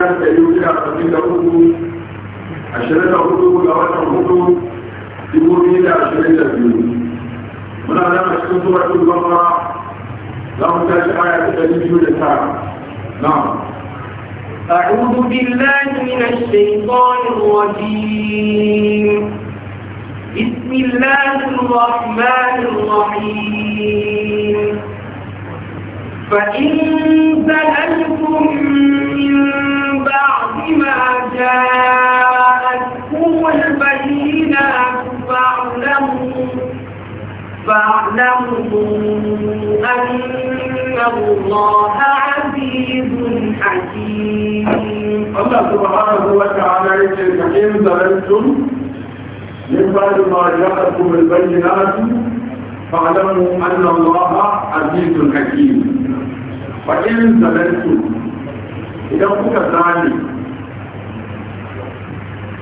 عشرة أخطوه لأواجه أخطوه في مرمي إلى عشرة أخطوه من أعلم عشرة أخطوه لأواجه أخطوه لا أتاج آية تتجيب جودة نعم أعوذ بالله من الشيطان الرجيم بسم الله الرحمن الرحيم فإن زللتم من بعد ما جاءتكم البينات فاعلموا فاعلموا أن الله عزيز حكيم الله سبحانه وتعالى يقول فإن زللتم من بعد ما جاءتكم البينات فاعلموا أن الله عزيز حكيم fa in zalantu idan kuka zane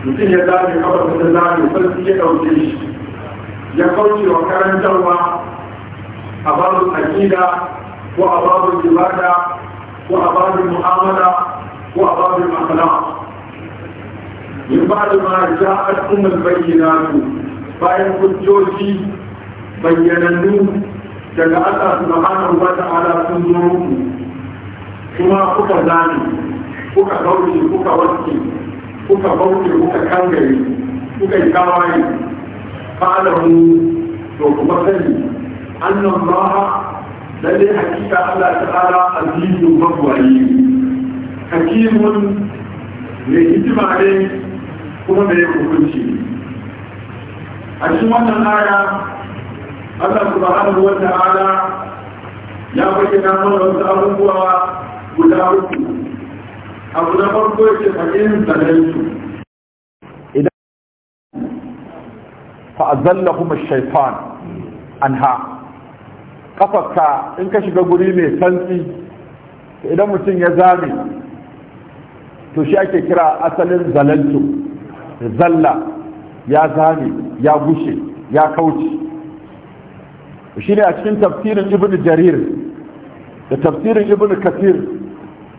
mutum ya zane kawai ta zane sarki ya ɗauke shi ya kauce wa karantarwa a babu aƙida ko a babu ibada ko a babu mu'amala ko a babu akhlaq من بعد ما جاءتكم البينات فإن كنتم بيننوا daga Allah subhanahu wa ta'ala sun zo muku kuma kuka zani kuka kauce kuka wanke kuka kauce kuka kangare kuka yi kawaye fa'alahu to kuma sani annan maha lalle hakika Allah ta'ala azizun mabwayi hakimun mai hikima ne kuma mai hukunci a cikin wannan aya Allah subhanahu wa ta'ala ya bayyana mana wasu abubuwa guda uku abu na farko yake fa'in zanensu idan fa'azalla kuma shaifan an ha kafarka in ka shiga guri mai santsi idan mutum ya zame to shi ake kira asalin zalantu zalla ya zame ya gushe ya kauce shi ne a cikin tafsirin ibn jarir da tafsirin ibn kafir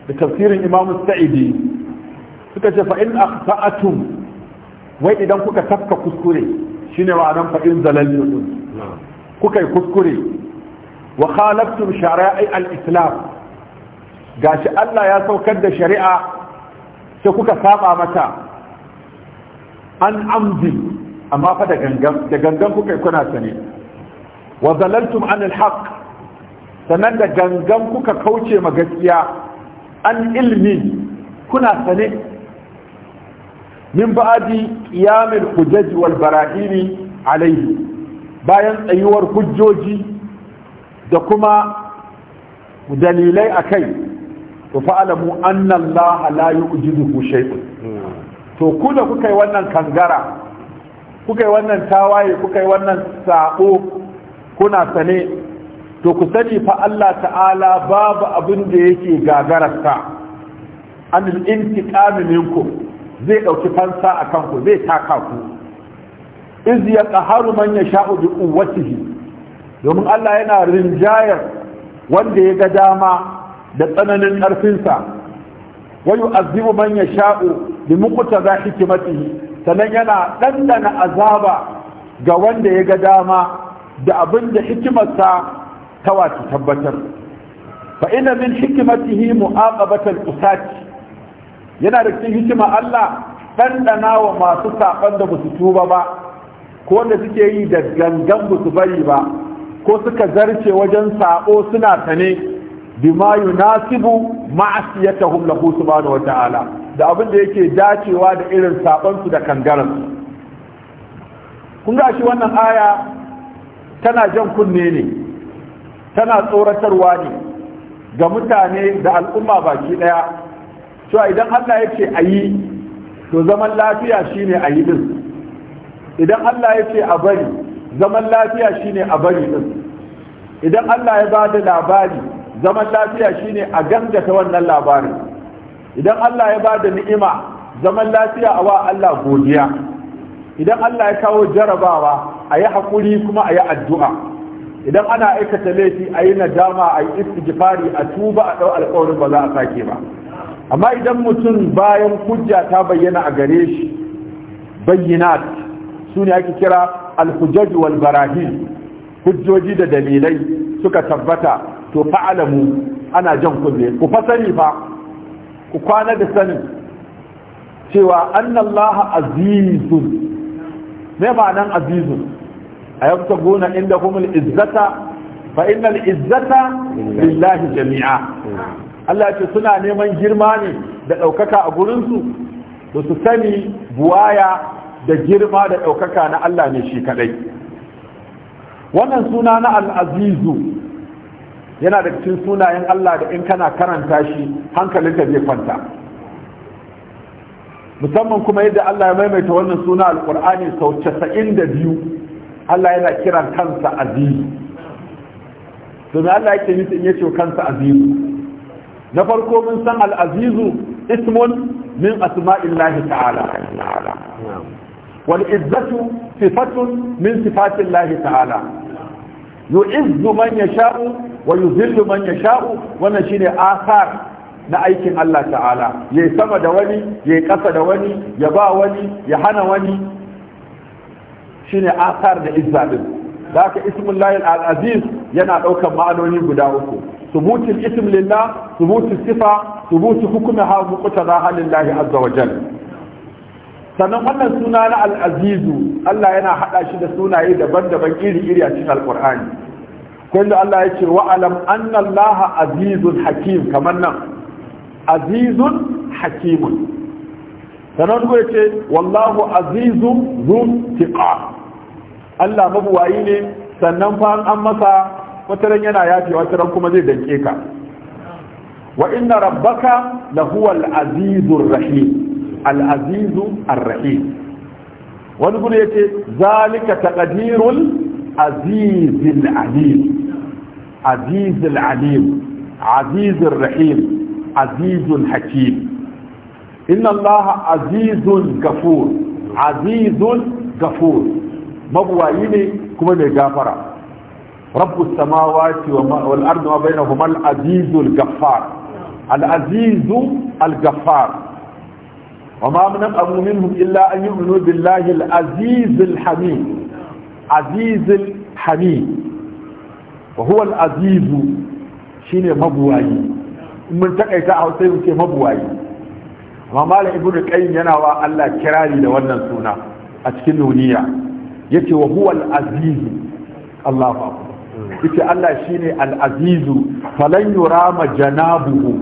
da tafsirin imamu sa'idi suka ce fa'in a sa'atun wai idan kuka tafka kuskure shi ne wa'adan fa'in zalaliyun kuka yi kuskure wa khalaftun shari'a al-islam gashi Allah ya saukar da shari'a sai kuka saba mata an amdi amma fa da gangan da gangan kuka yi kuna sani wa zalaltum anil haqq sanan da gangan kuka kauce ma gaskiya an ilmi kuna sane min ba'di qiyamil hujaj wal barahini alayhi bayan tsayuwar hujjoji da kuma dalilai akai to fa'alamu anna allaha la yu'jizuhu shay'un to ku da kuka yi wannan kangara kuka yi wannan tawaye kuka yi wannan sako kuna sane to ku sani fa Allah ta'ala babu abin da yake gagararsa an intiqami minkum zai dauki fansa akan ku zai taka ku iz qaharu man yasha'u bi quwwatihi domin Allah yana rinjayar wanda ya ga dama da tsananin ƙarfinsa wayu azibu man yasha'u bi muqtada hikmatihi sannan yana dandana azaba ga wanda ya ga dama da abin da hikimarsa ta wata tabbatar fa ina min hikimatihi mu'aqabatal usat yana da cikin hikima Allah ɗanɗana wa masu saɓan da basu tuba ba ko wanda suke yi da gangan su bari ba ko suka zarce wajen saɓo suna tane bima yunasibu ma'asiyatahum lahu subhanahu wata'ala da abin da yake dacewa da irin su da kangaran kun ga shi wannan aya tana jan kunne ne tana tsoratarwa ne ga mutane da al'umma baki daya cewa idan Allah ya ce a yi to zaman lafiya shine a yi din idan Allah ya ce a bari zaman lafiya shine a bari din idan Allah ya ba da labari zaman lafiya shine a gangata wannan labarin idan Allah ya ba da ni'ima zaman lafiya a wa Allah godiya idan Allah ya kawo jarabawa a yi haƙuri kuma a yi addu'a idan ana aikata laifi a yi nadama a yi istighfari a tuba a ɗau alƙawarin ba za a sake ba amma idan mutum bayan hujja ta bayyana a gare shi bayyinat su ne ake kira alhujjaj wal barahin hujjoji da dalilai suka tabbata to fa'alamu ana jan kunne ku fa sani fa ku kwana da sanin cewa annallaha azizun ba nan azizun a yabta gona inda kuma izzata fa innal izzata lillahi jami'a Allah ce suna neman girma ne da ɗaukaka a gurinsu da su sani buwaya da girma da ɗaukaka na Allah ne shi kaɗai wannan suna na al'azizu yana da cikin sunayen Allah da in kana karanta shi hankalinka zai kwanta musamman kuma yadda Allah ya maimaita wannan suna alkur'ani sau 92 Allah yana kiran kansa azizu domin Allah yake nufi in yace kansa azizu na farko mun san al'azizu azizu ismun min asma'illahi ta'ala wal izzatu sifatun min sifatillahi ta'ala yu'izzu man yasha'u wa yuzillu man yasha'u wannan shine asar na aikin Allah ta'ala ya sama da wani ya ƙasa da wani ya ba wani ya hana wani shine asar da izza din da ka ismullahi al Al'aziz yana ɗaukar ma'anoni guda uku subutul ism lillah subutul sifa subutu hukmiha muqtada lillahi azza lahi jalla sannan wannan suna na Al'azizu, Allah yana hada shi da sunaye daban-daban iri-iri a cikin Alƙur'ani. kun da Allah ya ce wa alam azizun hakim kamar nan azizun hakimun sanar ya ce wallahu azizun zun tiqa Allah mabuwayi ne sannan fa an masa wataran yana yafi wataran kuma zai danke ka wa inna rabbaka na al-azizur rahim al ar-rahim wani gudu yace zalika taqdirul azizil alim azizil alim azizir rahim عزيز حكيم إن الله عزيز غفور عزيز غفور مبوايني كما مغافرة رب السماوات والأرض ما بينهما العزيز الغفار العزيز الغفار وما من أمر منهم إلا أن يؤمنوا بالله العزيز الحميد عزيز الحميد وهو العزيز شنو مبوايني mun takaita a hausa mu ce mabuwayi amma malam ibnu qayyim yana wa Allah kirari da wannan suna a cikin nuniya yace wa huwa al-aziz Allahu akbar yace Allah shine al-aziz falan yurama janabuhu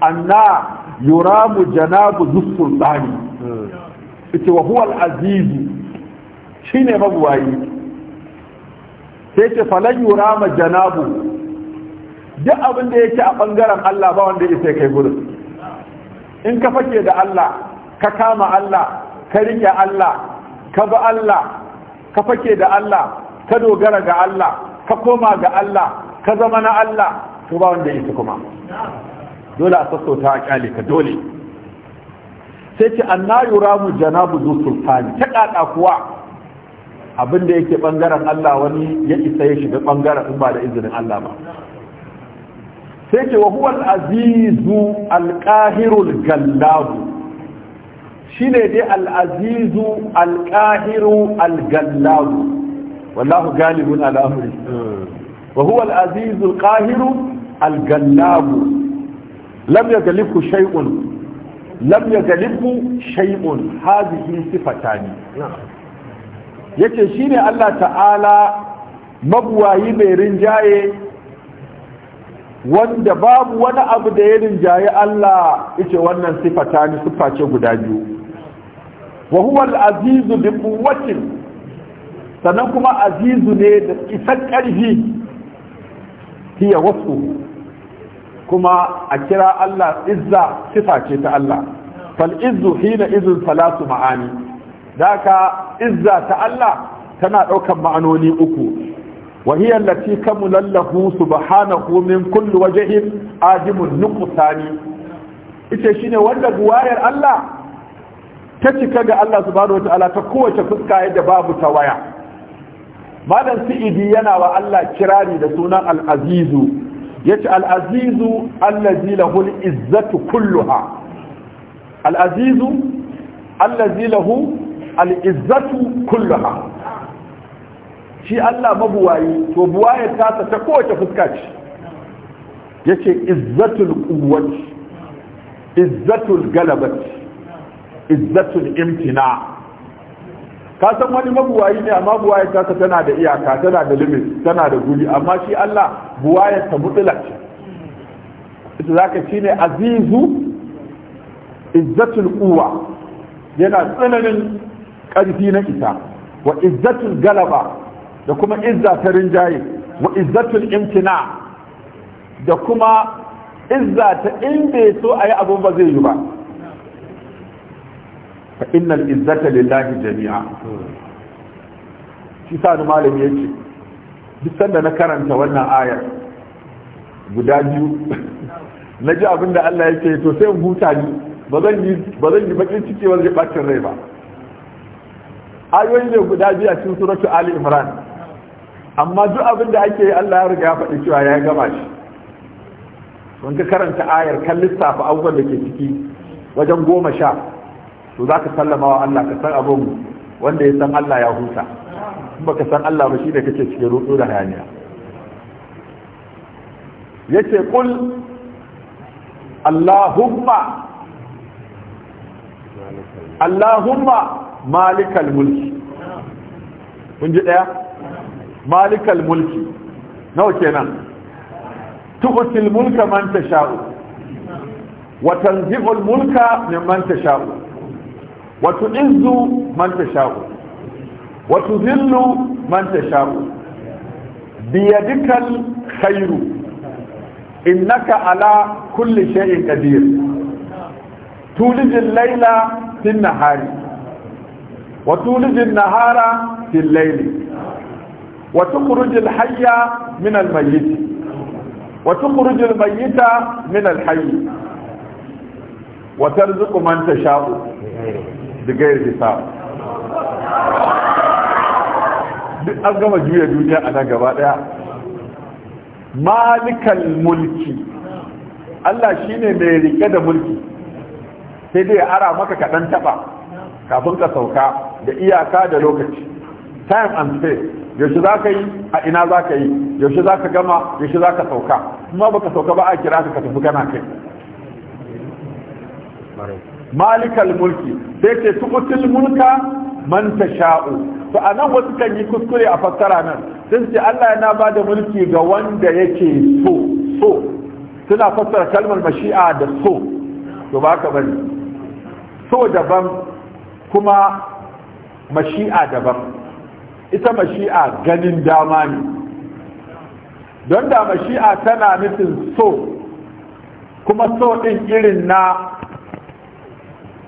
anna yuramu janabu dhussultani yace wa huwa al-aziz shine mabuwayi sai ce falan yurama janabuhu duk abin da yake a bangaren Allah ba wanda yake kai gurin in ka fake da Allah ka kama Allah ka rike Allah ka bi Allah ka fake da Allah ka dogara ga Allah ka koma ga Allah ka zama na Allah to ba wanda yake kuma dole a sassauta a kyale ka dole sai ce annayu na yura mu janabu zu sultani ta kaka kuwa abinda yake bangaren Allah wani ya isa ya shiga bangaren in ba da izinin Allah ba sai ce wa huwa azizu al-qahirul gallabu shine dai al'azizu azizu al-qahiru al-gallabu wallahu galibun ala amri wa huwa al-azizu al-qahiru al-gallabu lam yaghlibu shay'un lam yaghlibu shay'un hadhihi sifatani yace shine Allah ta'ala mabuwayi mai rinjaye wanda babu wani abu da ya rinjaye Allah ita wannan sifata ne siffa guda biyu wa huwa al-azizu bi quwwatin sannan kuma azizu ne da isar karfi hiya wasu kuma a kira Allah izza siface ta Allah fal izzu hina izun salasu ma'ani daka izza ta Allah tana ɗaukan ma'anoni uku وهي التي كمل له سبحانه من كل وجه آدم النقصان ita shine wanda guwayar Allah ta cika ga Allah subhanahu wataala ta kowace fuska yadda babu ta waya malam Sa'idi yana wa Allah kirari da sunan al-Azizu yace al-Azizu allazi lahu al-izzatu kulluha al-Azizu allazi lahu al-izzatu kulluha shi Allah mabuwayi to buwayar tasa ta kowace fuska ce yace izzatul quwwati izzatul galabati izzatul imtina ka san wani mabuwayi ne amma buwayar tasa tana da iyaka tana da limit tana da guri amma shi Allah buwayar ta mutula ce ita zaka ne, azizu izzatul kuwa yana tsananin ƙarfi na ita wa izzatul galaba da kuma izza ta rinjaye wa izzatul imtina da kuma izza ta in bai so a yi abun ba zai yi ba fa innal izzata lillahi jami'a shi sa da malami yake duk sanda na karanta wannan ayar guda biyu na ji abin da Allah yake to sai in huta ni ba zan yi bakin ciki ba zai bacin rai ba Ayoyin da guda biyu a cikin suratu ali imran amma duk abin da ake Allah ya riga ya faɗi cewa ya gama shi sun ka karanta ayar kan lissafa abubuwan da ke ciki wajen goma sha to za ka sallama wa Allah ka san abin wanda ya san Allah ya huta Kuma ka san Allah ba shi ne kake cikin ruɗu da hayaniya yace kul Allahumma Allahumma malikal mulki kun ji ɗaya. malikal mulki nawa kenan tu'til mulka man tasha'u wa tanzi'ul mulka mimman tasha'u wa tu'izzu man tasha'u wa tuzillu man tasha'u biyadikal khairu innaka ala kulli shay'in qadir tulijil layla fin nahari wa tulijil nahara fil layli wa tukhrij al hayya min al mayyit wa tukhrij al mayyita min al hayy wa tarzuqu man tasha'u duk an gama juya duniya a nan gaba daya malikal mulki Allah shi ne mai rike da mulki sai dai ara maka kaɗan taɓa kafin ka sauka da iyaka da lokaci time and space yaushe za ka yi a ina za ka yi yaushe za ka gama yaushe za ka sauka kuma baka sauka ba a kira ka ka tafi kana kai malikal mulki sai ce tubutul mulka man sha'u. to a nan wasu kan yi kuskure a fassara nan sun ce Allah yana ba da mulki ga wanda yake so so suna fassara kalmar mashi'a da so to ba ka bari so daban kuma mashi'a daban ita mashi'a ganin dama ne don da mashi'a tana nufin so kuma so ɗin irin na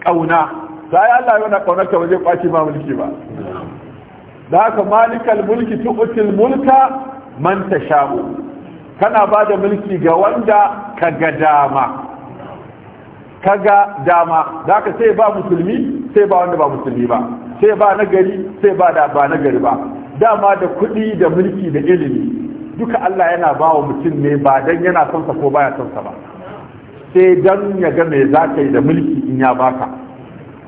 ƙauna a yi Allah yana ƙaunarka waje ƙwace ma mulki ba da haka malikal mulki tu'util mulka man sha'u kana ba da mulki ga wanda ka ga dama ka ga dama da haka sai ba musulmi sai ba wanda ba musulmi ba sai ba na gari sai ba da ba na gari ba dama da kuɗi da mulki da ilimi duka Allah yana ba wa mutum ne ba dan yana son sa ko baya son sa ba sai dan ya ga me za ka yi da mulki in ya baka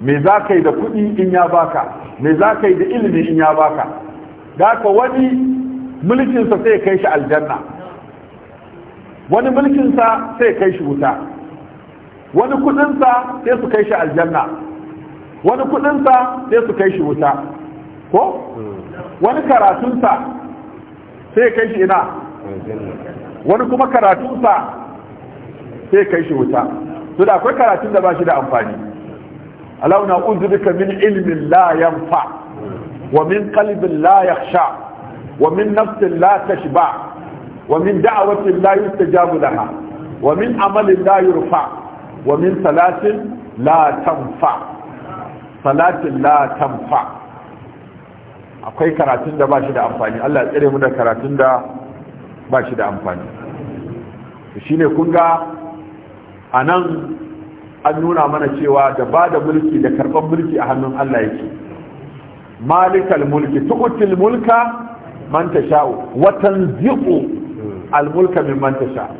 me za ka yi da kuɗi in ya baka me za ka yi da ilimi in ya baka da ka wani sa sai kai shi aljanna wani mulkin sa sai kai shi wuta wani sa sai su kai shi aljanna wani kudinsa sai su kai shi wuta ko wani karatunsa sai kai shi ina wani kuma karatunsa sai kai shi wuta su da akwai karatun da ba shi da amfani alauna uzurika min ilmin la yanfa wa min qalbin la yakhsha wa min nafsin la tashba wa min da'awatin la yustajabu laha wa min amalin la fa, wa min salatin latan fa. salatin la tanfa akwai karatun da ba shi da amfani Allah ya tsare mu da karatun da ba shi da amfani shi ne kun ga a nan an nuna mana cewa da ba da mulki da karban mulki a hannun Allah yake malikal mulki tukutul mulka man tasha'u wa tanzi'u al mulka mimman sha'u.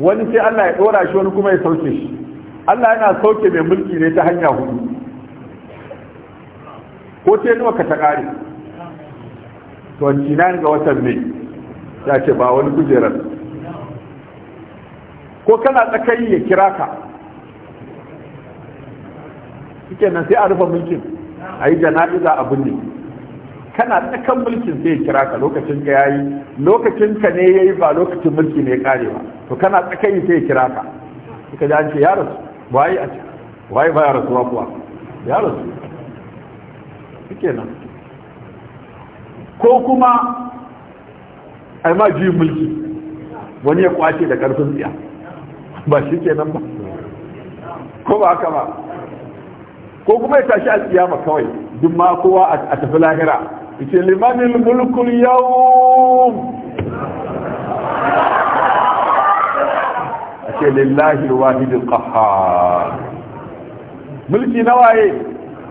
wani sai Allah ya dora shi wani kuma ya sauke shi Allah yana sauke mai mulki ne ta hanya hudu ko ce nawa ka ta kare to na ga watan ne. ya ce ba wani kujerar ko kana tsakayi ya kira ka suke nan sai a rufe mulkin a yi jana'iza a binne kana tsakan mulkin sai ya kira ka lokacin ka yayi lokacin ka ne yayi ba lokacin mulki ne ya kare ba to kana tsakayi sai ya kira ka suka ji an ce ya rasu waye a ce waye ba ya rasu kuwa ya rasu suke nan ko kuma a ma juyin mulki wani ya kwace da karfin tsiya ba shi ke nan ba ko ba haka ba ko kuma ya tashi a ma kawai duk ma kowa a tafi lahira ita limanin mulkul yau ce lillahi wahidul qahhar mulki nawaye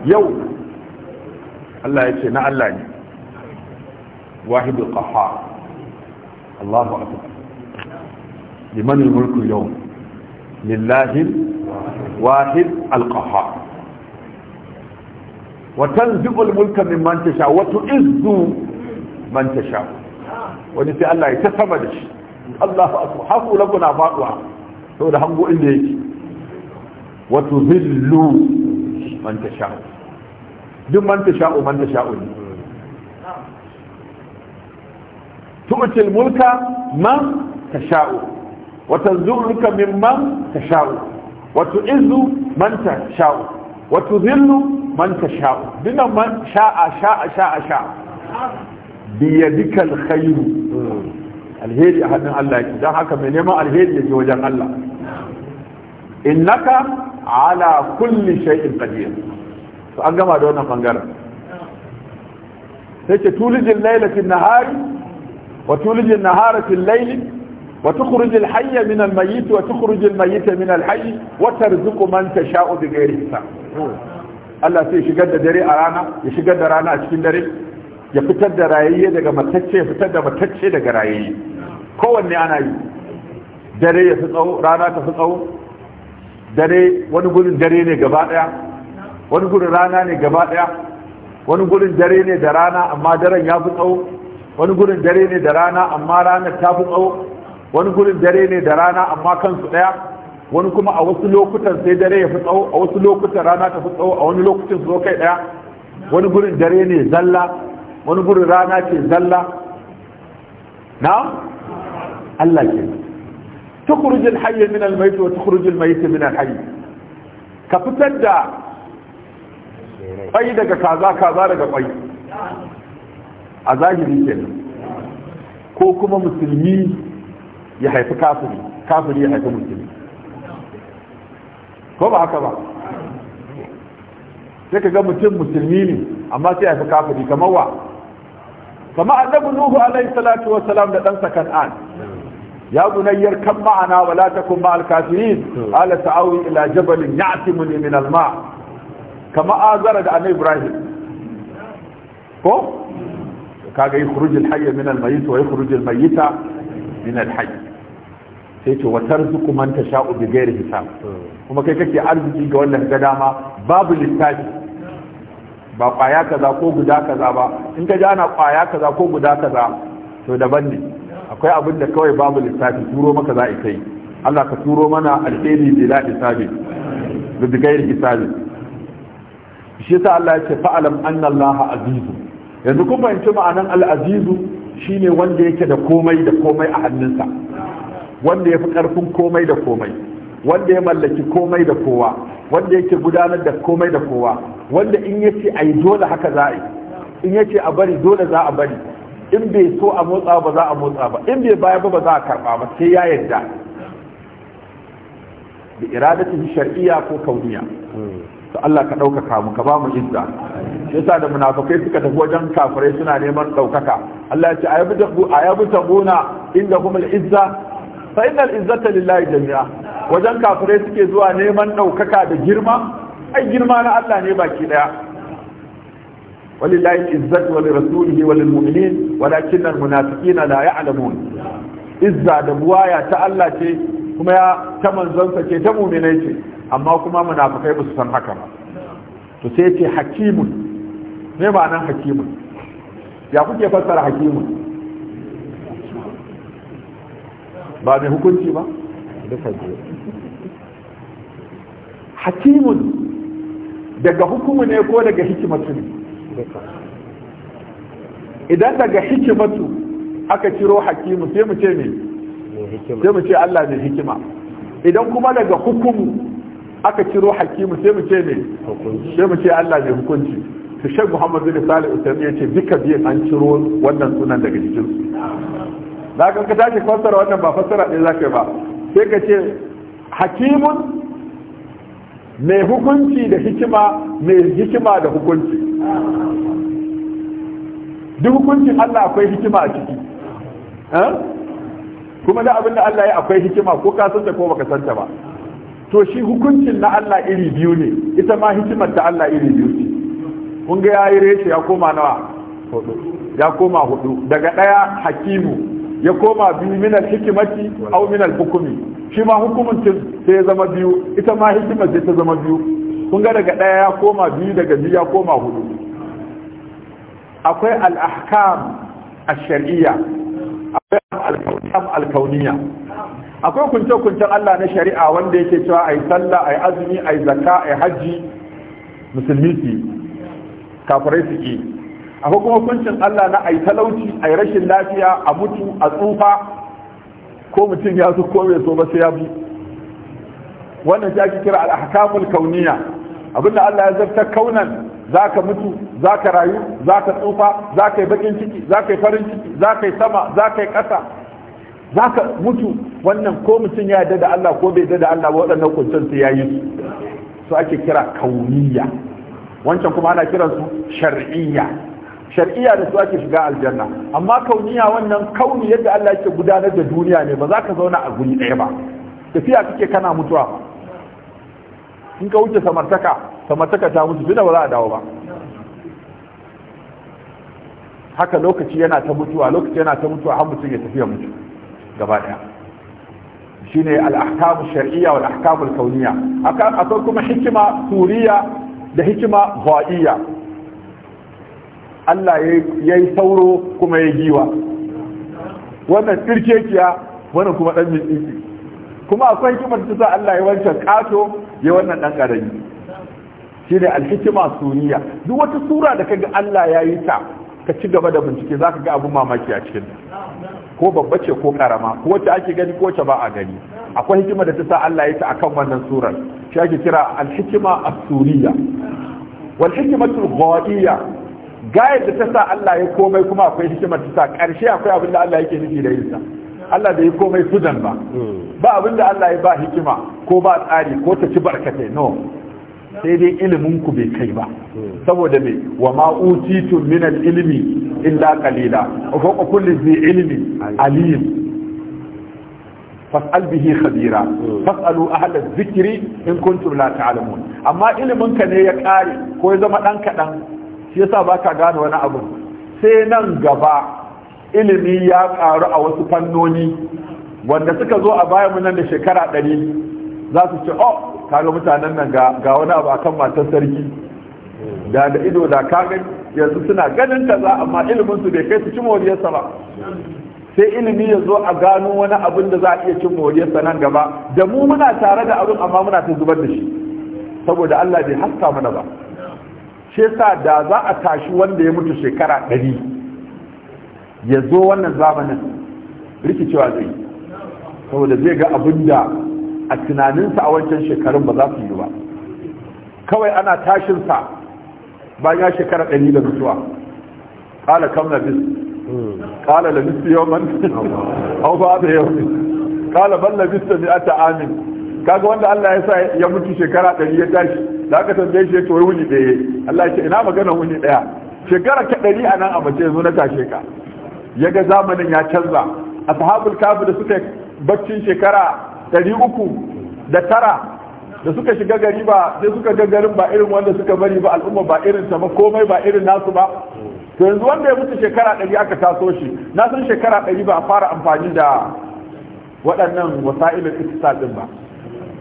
yau Allah ya ce na Allah ne wahidul qahhar Allahu akbar liman mulku yawm lillahi wahid al-qahhar wa tanzi'u al-mulka mimman tasha wa tu'izzu man tasha wani sai Allah ya ta sama da shi Allahu akbar haku laguna faduwa saboda hango inda yake wa tuzillu man tasha duk man ta sha'u man ta sha'u ne tu'til mulka man ta sha'u wa tanzuruka mimman ta sha'u wa tu'izzu man ta sha'u wa tudhillu man ta sha'u dinan man sha'a sha'a sha'a sha'a biyadika alkhairu alheri a hannun Allah yake don haka mai neman alheri yake wajen Allah innaka ala kulli shay'in qadir to an gama da wannan bangaren sai ce tulijin lailatin nahari wa tulijin naharatin laili wa tukhrijul hayya min al-mayyit wa tukhrijul mayyita min al-hayy wa tarzuqu man tasha'u bighairi hisab Allah sai shigar da dare a rana ya shigar da rana a cikin dare ya fitar da rayayye daga matacce ya fitar da matacce daga rayayye kowanne ana yi dare ya fi tsawo rana ta fi tsawo dare wani gudun dare ne gaba daya wani gurin rana ne gaba daya wani gurin dare ne da rana amma daren ya fi tsawo wani gurin dare ne da rana amma ranar ta fi tsawo wani gurin dare ne da rana amma kansu daya wani kuma a wasu lokutan sai dare ya fi tsawo a wasu lokutan rana ta fi tsawo a wani lokutan su kai daya wani gurin dare ne zalla wani gurin rana ce zalla na Allah ke tukurujin hayyar min al wa tukurujin mayt min al ka fitar da kwai daga kaza kaza daga kwai a zahiri kenan ko kuma musulmi ya haifi kafiri kafiri ya haifi musulmi ko ba haka ba sai ka ga mutum musulmi ne amma sai ya haifi kafiri kamar wa kama annabi nuhu alaihi salatu wa salam da ɗansa kan'an ya gunayyar kan ma'ana wala takun ma'al kafirin hmm. ala ta'awi ila jabalin ya'timuni min al-ma' kama azara da annabi ibrahim ko kaga yukhrujul hayya min al mayyit wa yukhrujul mayyita min al hayy sai to wa tarzuqu man tasha'u bi ghairi hisab kuma kai kake arziki ga wannan ga babu lissafi ba kwaya kaza ko guda kaza ba in ka ji kwaya kaza ko guda kaza to daban ne akwai abin da kawai babu lissafi turo maka za a kai Allah ka turo mana alheri bila hisabi bi ghairi hisabi shi sa Allah ya ce fa'alam anna azizu yanzu kun fahimci ma'anan al'azizu shi shine wanda yake da komai da komai a hannunsa wanda ya fi karfin komai da komai wanda ya mallaki komai da kowa wanda yake gudanar da komai da kowa wanda in a yi dole haka za a yi in ce a bari dole za a bari in bai so a motsa ba za a motsa ba in bai baya ba ba za a karba ba sai ya yarda da iradatin shar'iyya ko kauniya to Allah ka ɗaukaka mu ka ba mu izza yasa da munafikai suka tafi wajen kafirai suna neman ɗaukaka Allah ya ce ayabu tabuna inda kuma izza fa innal izzata lillahi jami'a wajen kafirai suke zuwa neman ɗaukaka da girma ai girma na Allah ne baki daya ولله العزة ولرسوله وللمؤمنين ولكن المنافقين لا يعلمون إزة دبوايا تألا كما sa زنسة ta تمو منيتي amma kuma munafikai ba su san haka ba to sai ce hakimun me ba nan hakimun ya kuke fassara hakimun ba mai hukunci ba hakimun daga hukumu ne ko daga hikimatu ne idan daga hikimatu aka ciro hakimu sai mu ce ne sai mu ce Allah ne hikima idan kuma daga hukumu aka ciro hakimu sai mu ce ne sai mu ce Allah mai hukunci to shek muhammad bin salih usaimi ya ce duka biyan an ciro wannan sunan daga jikin su za ka ka tashi fassara wannan ba fassara ɗaya za ka ba sai ka ce hakimun mai hukunci da hikima mai hikima da hukunci duk hukuncin Allah akwai hikima a ciki eh? kuma da abin da Allah ya akwai hikima ko ka san ta ko baka ta ba to shi hukuncin na Allah iri biyu ne ita ma hikimar da Allah iri biyu ce kun ga yayi reshe ya koma nawa hudu ya koma hudu daga daya hakimu ya koma biyu al hikimati aw al hukumi shi ma hukumin sai ya zama biyu ita ma hikimar sai ta zama biyu kun ga daga daya ya koma biyu daga biyu ya koma hudu akwai al-ahkam ash-shar'iyya akwai al-ahkam al-kauniyya akwai kunce-kuncen Allah na shari'a wanda yake cewa ai sallah ai azumi ai zakka ai haji musulmi su kafirai su ki akwai kuma kuncin Allah na ai talauci ai rashin lafiya a mutu a tsufa ko mutum ya su ko so ba sai ya bi wannan shi ake kira al-ahkamul kauniya abinda Allah ya zarta kaunan ka mutu ka rayu ka tsufa zaka yi bakin ciki zaka yi farin ciki zaka yi sama zaka yi ƙasa za ka mutu wannan ko mutum ya yarda da Allah ko bai yarda da Allah waɗannan kuncin su yayi su su ake kira kauniya wancan kuma ana kiran su shar'iyya shar'iyya da su ake shiga aljanna amma kauniya wannan kauni yadda Allah yake gudanar da duniya ne ba za ka zauna a guri ɗaya ba tafiya kake kana mutuwa in ka wuce samartaka samartaka ta mutu tunda ba za a dawo ba haka lokaci yana ta mutuwa lokaci yana ta mutuwa har mutum ya tafiya mutu gaba ɗaya. Shi ne al'ahkamu shari'iyya, wa al'ahkamu kauniya al akwai kuma hikima suriya da hikima dha'iyya Allah ya yi sauro kuma ya giwa wannan tsirkekiya wannan kuma ɗan dan mitsitsi kuma akwai hikimar da sa Allah ya wancan kato ya wannan ɗan ƙarami Shi ne alhikima suriya duk wata sura da kaga Allah ya yi ta ka ci gaba da bincike ka ga abun mamaki a cikin ta ko babba ce ko karama ko wacce ake gani ko wacce ba a gani akwai hikima da ta sa Allah ya ta akan wannan surar shi ake kira al-hikima as-suriyya wal hikimatu ghadiyya gayar da ta sa Allah ya komai kuma akwai hikimar ta sa karshe akwai abin da Allah yake nufi da yinsa Allah bai komai sudan ba hmm. ba abin da Allah ya ba hikima ko ba tsari ko ta ci barkatai no sai dai ilimin ku bai kai ba saboda mai wa ma utitu min al-ilmi illa qalila wa fawqa kulli dhi ilmi alim fas'al bihi khabira fas'alu ahla adh-dhikri in kuntum la ta'lamun amma ilimin ka ne ya kare ko ya zama dan kadan shi yasa baka gane wani abu sai nan gaba ilimi ya karu a wasu fannoni wanda suka zo a bayan nan da shekara ɗari za su ce oh kaga mutanen nan ga wani abu akan matar sarki da da ido da kagan yanzu suna ganin kaza amma ilimin su bai kai su ci moriyarsa ba sai ilimi ya zo a gano wani abin da za a iya cin moriyarsa nan gaba da mu muna tare da abin amma muna ta zubar da shi saboda Allah bai haska mana ba shi yasa da za a tashi wanda ya mutu shekara ɗari ya zo wannan zamanin rikicewa zai saboda zai ga abin da a tunaninsa a wancan shekarun ba za su yi ba kawai ana tashinsa bayan ya shekara ɗari da mutuwa ƙala kam na bis ƙala da bis yau man au ba da yau ƙala ban na bis da ni a amin kaga wanda Allah ya sa ya mutu shekara ɗari ya tashi da aka tambaye shi ya ce wai wuni ɗaya Allah ya ce ina magana wuni ɗaya shekara ta ɗari a nan a mace yanzu na tashe ka ya ga zamanin ya canza ashabul kafi da suka baccin shekara ɗari uku da tara da suka shiga gari ba sai suka ga garin ba irin wanda suka bari ba al'umma ba irin ta ba komai ba irin nasu ba to yanzu wanda ya mutu shekara ɗari aka taso shi na san shekara ɗari ba a fara amfani da waɗannan wasa'ilin iktisad ɗin ba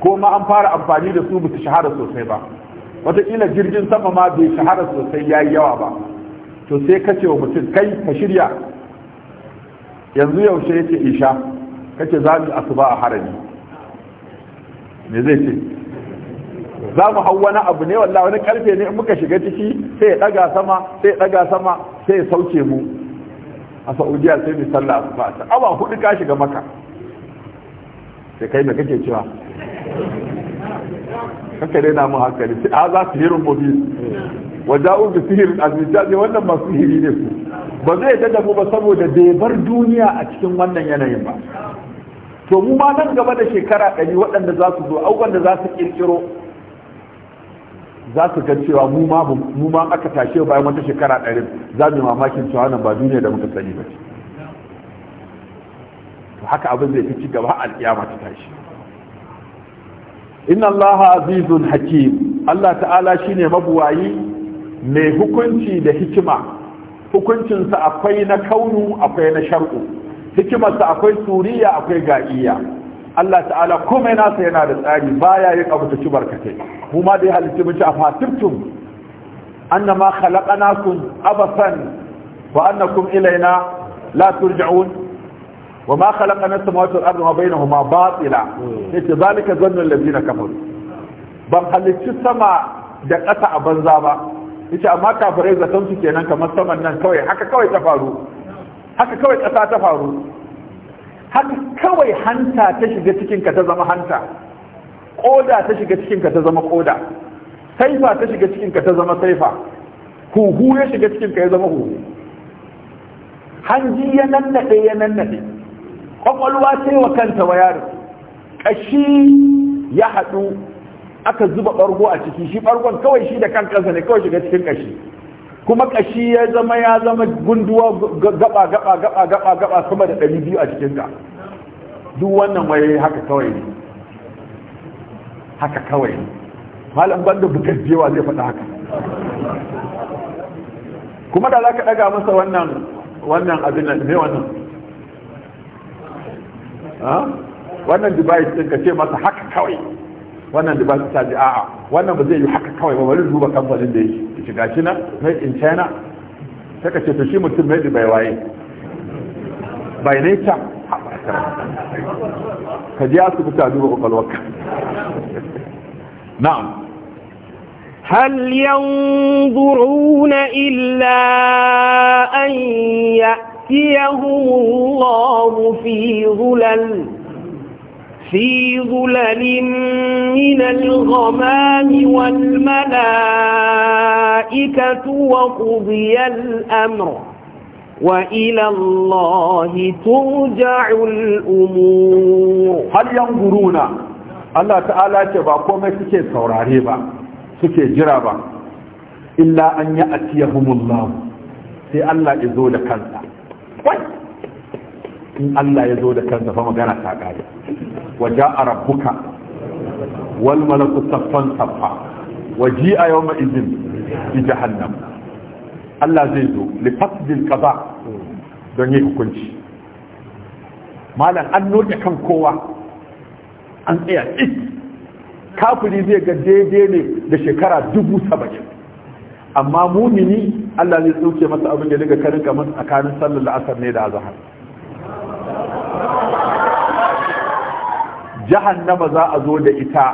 ko ma an fara amfani da su mutu shahara sosai ba wataƙila jirgin sama ma bai shahara sosai ya yi yawa ba to sai ka ce wa mutum kai ka shirya yanzu yaushe yake isha kace za mu asuba a harami me zai ce za mu hau wani abu ne wallah wani karfe ne muka shiga ciki sai ya daga sama sai ya daga sama sai ya sauke mu a saudiya sai mu sallah su fata awa hudu ka shiga maka sai kai me kake cewa kaka na mu hankali sai a ah, za su hirin Wanda wada'u bi sihir azmita ne wannan masu hiri ne su ba zai dada mu ba saboda bai bar duniya a cikin wannan yanayin ba to mu ma nan gaba da shekara ɗari waɗanda za su zo auwan da za su ƙirƙiro za su ga cewa mu ma mu aka tashe bayan wata shekara ɗari za mu mamakin cewa nan ba duniya da muka sani ba ce haka abin zai fi ci gaba alƙiyama ta tashi inna Allah azizun hakim Allah ta'ala shine mabuwayi mai hukunci da hikima hukuncinsa akwai na kaunu akwai na shar'u hikimarsa akwai suriya akwai ga'iya Allah ta'ala komai nasa yana da tsari baya yin abu ta ci barkatai mu ma dai halitta mu ci a fatimtum annama khalaqnakum abasan wa annakum ilaina la turja'un wa ma khalaqna as-samawati wal arda wa bainahuma batila yace zalika zannu allazina kafaru ban halicci sama da ƙasa a banza ba yace amma kafirai zaton su kenan kamar saman nan kawai haka kawai ta faru haka kawai ƙasa ta faru haka kawai hanta ta shiga cikinka ta zama hanta ƙoda ta shiga cikinka ta zama ƙoda saifa ta shiga cikinka ta zama saifa huhu ya shiga cikinka ya zama huhu hanji ya nannaɗe ya nannaɗe ƙwaƙwalwa sai wa kanta wa yaro ƙashi ya haɗu aka zuba ɓargo a ciki shi ɓargon kawai shi da kankansa ne kawai shiga cikin ƙashi kuma kashi ya zama ya zama gunduwa gaba gaba gaba gaba gaba sama da ɗari biyu a ka. duk wannan waye haka kawai ne haka kawai ne malam banda jewa zai faɗa haka kuma da za ka ɗaga masa wannan wannan abin nan ne wannan wannan device ɗin ka ce masa haka kawai wannan device ta ji a'a wannan ba zai yi haka kawai ba bari duba kamfanin da yake ce gashi na made in china sai ka ce to shi mutum made by waye by nature ka je asibiti a duba kwakwalwarka na'am هل ينظرون إلا أن يأتيهم الله في ظلل في ظلل من الغمام والملائكة وقضي الأمر وإلى الله ترجع الأمور هل ينظرون الله تعالى تبا كما سكي سوراري با سكي جرابا إلا أن يأتيهم الله في الله ya zo da kansa in Allah ya zo da kansa وجاء ربك والملك صفا صفا وجيء يومئذ بجهنم zai zo لفسد القضاء don yi hukunci malam an noke kan kowa an tsaya ɗin kafiri zai ga daidai ne da shekara dubu saba'in amma mumini allah zai tsoke masa abin da daga karin kamar tsakanin sallar la'asar ne da azahar jahannama za a zo da ita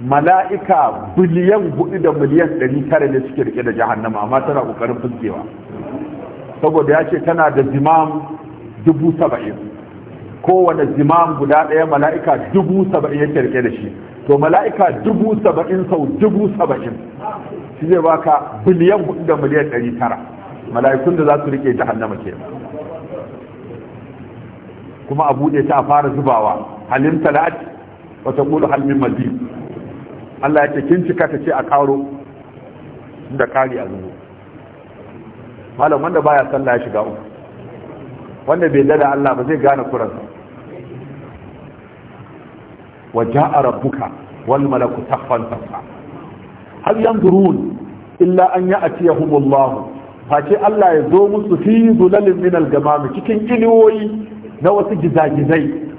mala'ika biliyan hudu da miliyan ɗari tara ne suke rike da jahannama amma tana ƙoƙarin fuskewa saboda ya ce tana da zimam dubu saba'in kowane zimam guda ɗaya mala'ika dubu saba'in yake rike da shi to mala'ika dubu saba'in sau dubu saba'in shi zai baka biliyan hudu da miliyan ɗari tara mala'ikun da za su rike jahannama ke kuma a buɗe ta fara zubawa halim talat wa taqulu hal min Allah ya ce kin cika ta ce a karo da kari a zuwa malam wanda baya sallah ya shiga uku wanda bai dada Allah ba zai gane kuransa wa ja'a rabbuka wal malaku saffan saffa hal yanzurun illa an ya'tiyahum Allah face Allah ya zo musu fi zulalin min al-gamam cikin inuwoyi na wasu gizagizai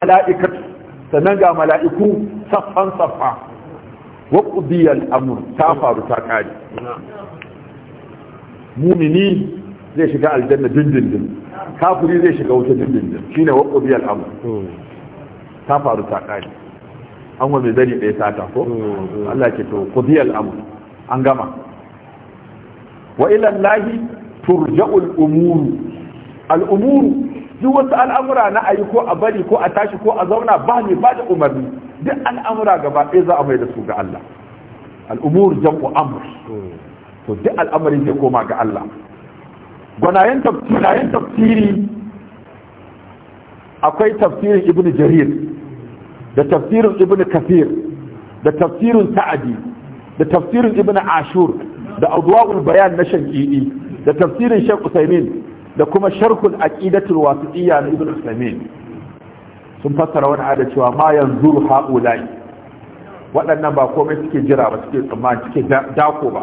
mala'ikatu sannan ga mala'iku saffan saffa wa qudiyal amr ta faru ta kare mumini zai shiga aljanna dindindin kafuri zai shiga wuta dindindin Shi ne wa qudiyal amr ta faru ta kare an wa mai zari ɗaya sata ko Allah ke to qudiyal amr an gama wa ila allahi turja'ul umuru. Al'umuru. duk wasu al'amura na ayi ko a bari ko a tashi ko a zauna ba ne ba da umarni duk al'amura gaba ɗaya za a mai da su ga Allah al'umur jam'u amr to duk al'amari ya koma ga Allah gwanayen tafsiri tafsiri akwai tafsirin ibn jarir da tafsirin ibn kafir da tafsirin sa'adi da tafsirin ibn ashur da adwa'ul bayan na shanqi'i da tafsirin shaykh usaymin da kuma sharhul aqidatul wasiqiyya na ibn usaymin sun fassara wani ada cewa ma yanzu haulai waɗannan ba komai suke jira ba suke tsammani suke dako ba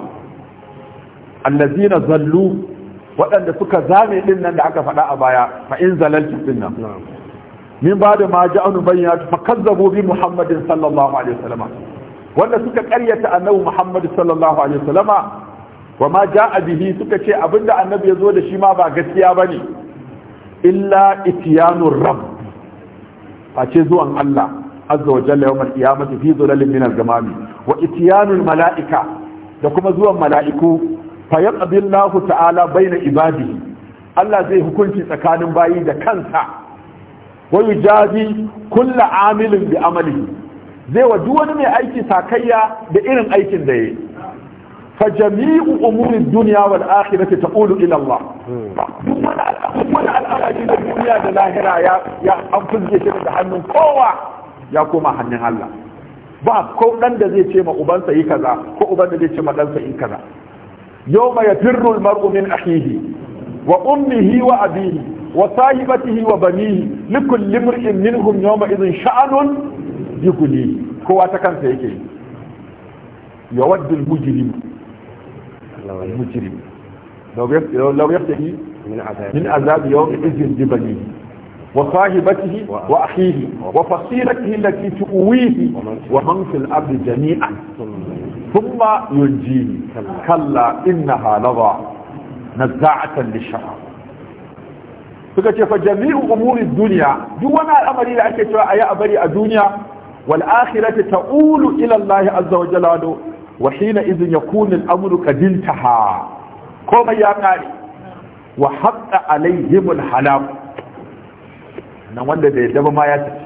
allazina zallu waɗanda suka zame din nan da aka faɗa a baya fa in zalaltu din nan min ba da ma ja'anu bayyana fa kazzabu bi muhammadin sallallahu alaihi wasallama wanda suka ƙaryata annabi muhammad sallallahu alaihi wasallama wa ma a bihi suka ce abinda annabi ya zo da shi ma ba gaskiya ba illa ityanur rabb face zuwan Allah azza wa jalla yawmal qiyamati fi dhulalin min al wa ityanul mala'ika da kuma zuwan mala'iku fa yaqdi Allah ta'ala baina ibadihi Allah zai hukunci tsakanin bayi da kansa wa yujazi kullu amilin bi amalihi zai wa duk wani mai aiki sakayya da irin aikin da yayi فجميع أمور الدنيا والآخرة تقول إلى الله wani al'amari na duniya da lahira ya an fuske shi da hannun kowa ya kuma hannun Allah ba ko dan da zai ce ma sa yi kaza ko uban da zai ce ma ɗansa yi kaza yawma yafirru al-mar'u min akhihi wa ummihi wa abihi wa sahibatihi wa banihi likulli imrin minhum yawma idhin sha'anun yughni kowa ta kansa yake yawaddu al المجرم لو يفتحي من عذاب يوم إذن جبنيه وصاحبته وأخيه وفصيلته التي تؤويه ومن في الأرض جميعا ثم ينجيه كلا إنها لضع نزاعة للشعر فجميع أمور الدنيا دون الأمر إلى أكتر أيا أبري الدنيا والآخرة تؤول إلى الله عز وجل wa hina idhin yakunu al-amru qad komai ya kare wa haqqa alaihim al-halak nan wanda bai daba ma ya tafi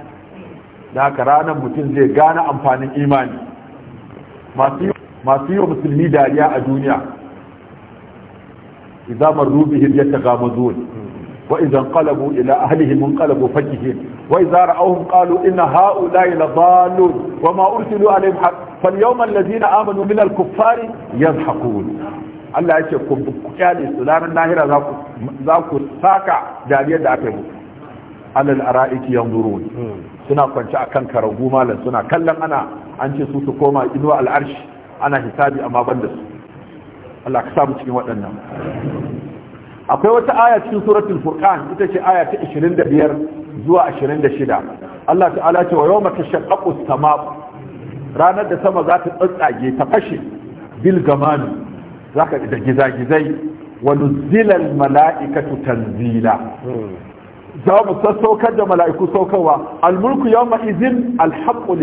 da haka ranar mutum zai gane amfanin imani masu yi wa musulmi dariya a duniya idza marru bihim yataghamazun وإذا انقلبوا إلى أهلهم انقلبوا فجهين وإذا رأوهم قالوا إن هؤلاء لضالون وما أرسلوا عليهم حق فاليوم الذين آمنوا من الكفار يضحكون Allah ya ce ku kyale su ranar nahira za ku saka dariya da aka yi alal ara'iki yanzurun suna kwance akan karagu malam suna kallon ana an ce su su koma inuwa al'arshi ana hisabi amma ban da su Allah ka samu cikin waɗannan akwai wata aya cikin suratul furqan ita ce aya ta 25 zuwa 26 Allah ta'ala ce wa yawma tashaqqaqu as-sama' ranar da sama za ta tsatsage ta fashe bil gamani zaka da gizagizai wa nuzila al mala'ikatu tanzila za mu sassaukar da mala'iku saukarwa al mulku yawma izin al haqqu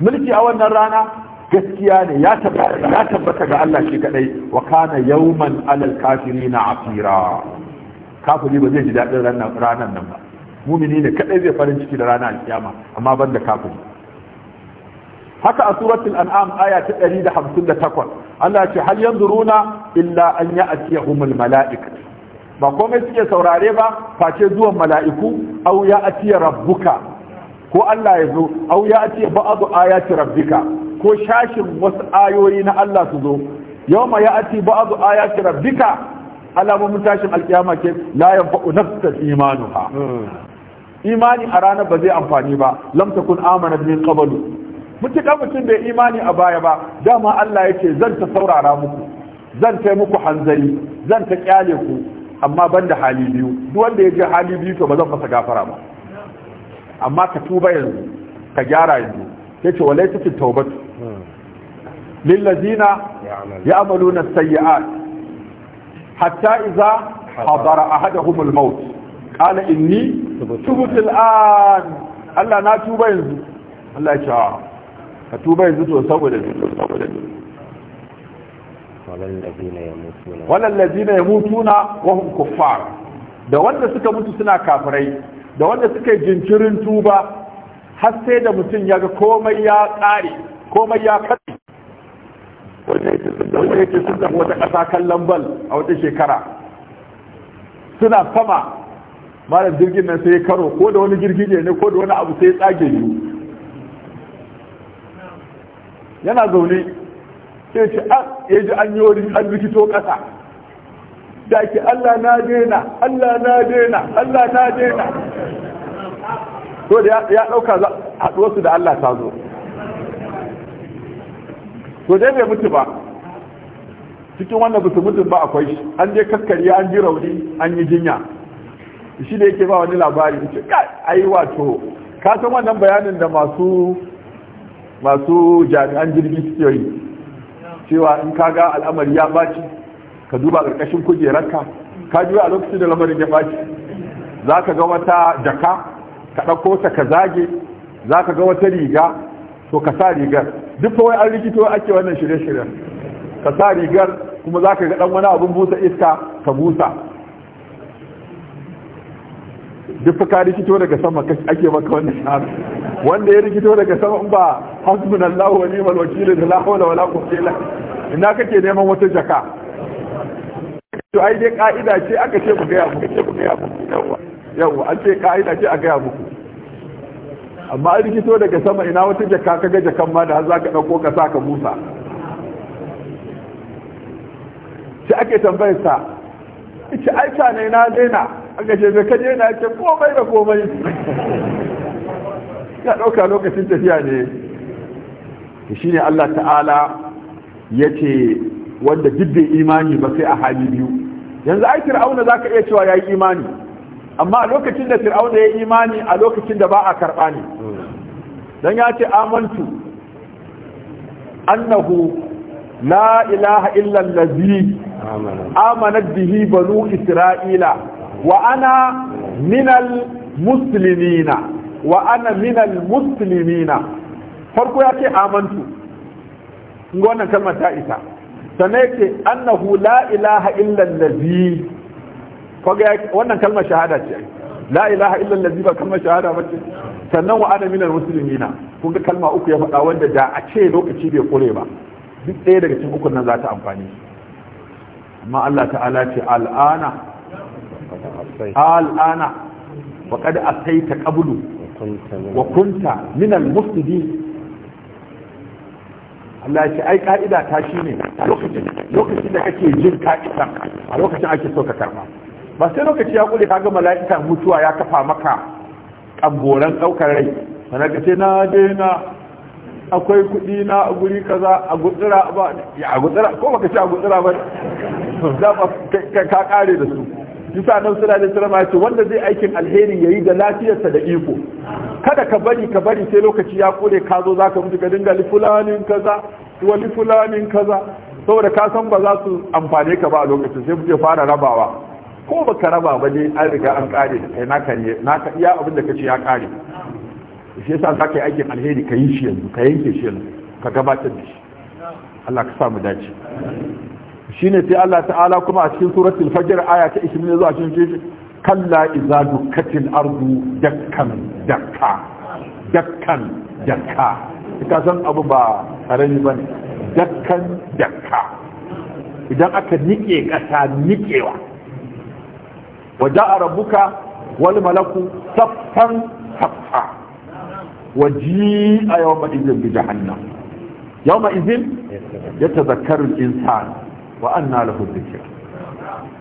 mulki a wannan rana gaskiya ne ya tabbata ga Allah shi kadai wa kana yawman alal kafirina afira kafiri ba zai ji dadin ranar nan ba mumini ne kadai zai farin ciki da ranar alkiyama amma da kafiri haka a suratul an'am aya ta 158 Allah ce hal yanzuruna illa an ya'tiyahumul mala'ik. ba komai suke saurare ba face zuwan mala'iku au ya rabbuka ko Allah ya zo au ya atiya ba'adu ayati rabbika ko shashin wasu ayoyi na Allah su zo yau ya yawma ya'ti ba'd ayati rabbika alamomin tashin alkiyama ke la yanfa'u nafsat imanuha imani a ranar ba zai amfani ba lam takun amana min qablu mutuka mutum bai imani a baya ba dama Allah yake zan ta saurara muku zan kai muku hanzari zan ta kyale ku amma banda hali biyu duk wanda ya je hali biyu to ba zan masa gafara ba amma ka tuba yanzu ka gyara yanzu yace walai tawbatu lillazina ya'maluna sayyi'at hatta idza hadara ahaduhum al-maut qala inni tubtu al-an Allah na tuba yanzu Allah ya ce ka tuba yanzu to saboda saboda kuffar da wanda suka mutu suna kafirai da wanda suka jinkirin tuba har sai da mutum yaga komai ya kare komai ya kare wanda yake sun zama wata ƙasa kallon bal a wata shekara suna sama malam jirgin nan sai karo ko da wani jirgi ne ko da wani abu sai tsage yi yana zaune sai ce an ah, ya ji an yi wani an rikito ƙasa da ke allah na daina allah na daina allah na daina to da ya ɗauka haɗuwarsu da allah ta zo to dai bai mutu ba cikin wannan bisa mutum mutu ba akwai shi an je kakkari an ji rauni an yi jinya shi da yake ba wani labari ce ai wato ka san wannan bayanin da masu jami'an jirgin suke yi cewa in ka ga al'amari ya baci ka duba ƙarƙashin kujerarka ka ji a lokacin da lamarin ya baci za ka ga wata jaka ka ɗauko ta ka zage za ka ga wata riga to ka sa rigar duk kawai an rikito ake wannan shirye-shiryen ka sa rigar kuma za ka ga ɗan wani abin busa iska ka busa duk fuka ka rikito daga sama ake maka wannan shahara wanda ya rikito daga sama in ba hasbunallahu allahu wani wakil da la hawla wala quwwata ina kake neman wata jaka to ai dai ka'ida ce aka ce ku gaya muku ce ku gaya muku yawa yawa an ce ka'ida ce a gaya muku amma an rikito daga sama ina wata jaka kaga jakan ma da har za ka ɗauko ka sa ka busa sai ake tambayar sa ce aisha ne na daina aka ce ka kaje na ce komai da komai ya ɗauka lokacin tafiya ne shi ne Allah ta'ala ya ce wanda duk imani ba sai a hali biyu yanzu ai fir'auna za ka iya cewa ya yi imani amma a lokacin da fir'auna ya imani a lokacin da ba a karɓa ne don ya ce amantu annahu la ilaha illa allazi amanat bihi banu isra'ila wa ana minal muslimina wa ana minal muslimina farko ya ce amantu wannan kalmar ta isa sannan ya ce annahu la ilaha illa allazi kwa wannan kalmar shahada ce la ilaha illallah ziba ba kalmar shahada ba ce sannan wa ana musulmi na kun ga kalma uku ya faɗa wanda da a ce lokaci bai kure ba duk ɗaya daga cikin ukun nan za ta amfani amma Allah ta'ala ce al'ana al'ana wa qad asaita qablu wa kunta minal mufsidin Allah ce ai ka'ida ta shine lokacin lokacin da kake jin ka'ida a lokacin ake so ka karba ba sai lokaci ya kure kaga mala'ika mutuwa ya kafa maka kamboran daukar rai sana ka ce na daina akwai kudi na a guri kaza a gutsira ba ya a gutsira ko baka ce a gutsira ba za ba ka kare da su yusa nan suna da sallama ya ce wanda zai aikin alheri yayi da lafiyarsa da iko kada ka bari ka bari sai lokaci ya kure ka zo zaka mutu ka dinga li kaza wa li fulanin kaza saboda ka san ba za su amfane ka ba a lokacin sai muke fara rabawa ko ka raba ba dai an riga an kare kai naka ne naka iya abin da kace ya kare shi yasa ka yi aikin alheri ka yi shi yanzu ka yanke shi yanzu ka gabatar da shi Allah ka sa mu dace shine sai Allah ta'ala kuma a cikin suratul fajr aya ta 20 zuwa 26 kalla idza dukkatil ardu dakkan dakka dakkan dakka ka san abu ba karami bane dakkan dakka idan aka nike kasa nikewa ma'izin bi والملك صفا صفا وجيء يومئذ بجهنم يومئذ يتذكر الإنسان وأنى له الذكر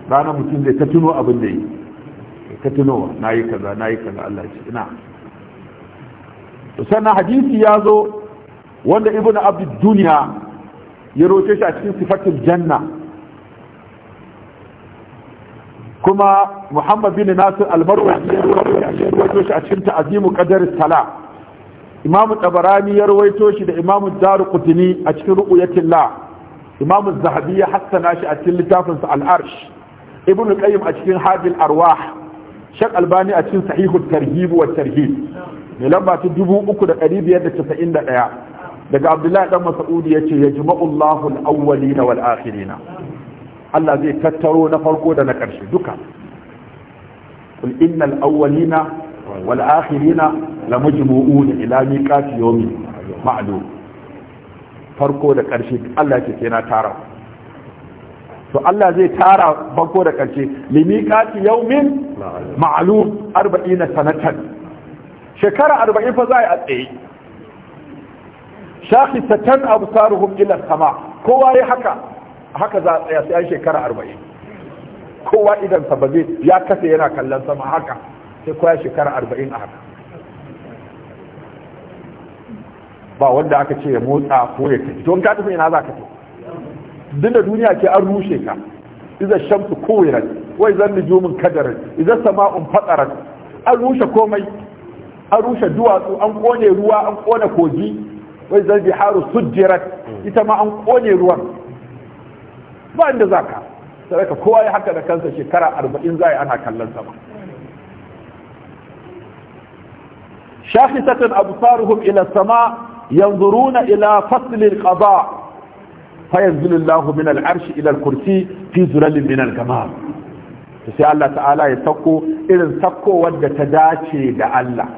ranar mutum zai ta tuno abin da yi ta tuno na yi kaza na yi kaza Allah ya ce ina sannan hadisi ya zo wanda ibn abdul duniya ya roce shi a cikin sifatul janna kuma muhammad bin nasir almarwazi ya rawaito shi a cikin ta'azimu qadar salah imamu tabarani ya rawaito shi da imamu daruqutni a cikin ru'yatil la imamu zahabi ya hassana shi a cikin littafin sa al-arsh ibnu qayyim a cikin hadil arwah shak albani a cikin sahihut tarhib wa tarhib ne lamba ta 3591 daga abdullahi dan mas'ud yace yajma'u Allahu awwalina wal akhirina Allah zai tattaro na farko da na ƙarshe duka kul innal awwalina wal akhirina la majmu'un ila miqati yawmin ma'lum farko da ƙarshe Allah yake sai na tara to Allah zai tara farko da ƙarshe li miqati yawmin ma'lum 40 sanatan shekara 40 fa za a tsaye shakhisatan absaruhum ila sama kowa ya haka haka za a tsaya sai an shekara arba'in kowa idan ba zai ya kasa yana kallon sama haka sai kowa shekara arba'in a haka ba wanda aka ce ya motsa ko ya tafi Don ka tafi ina za ka tafi duk da duniya ke an rushe ka iza shamsu ko rai wai zan jomin kadarin. iza sama'un fatsarat an rushe komai an rushe duwatsu an kone ruwa an kone kogi wai zan biharu sujjirat ita ma an kone ruwan ba inda za ka sai ka kowa ya haka da kansa shekara arba'in za ana kallon sama ila أبصارهم إلى السماء ينظرون إلى فصل القضاء فينزل الله من العرش إلى الكرسي في زلل من الجمال sai Allah ta'ala ya sako irin sako wadda ta dace da Allah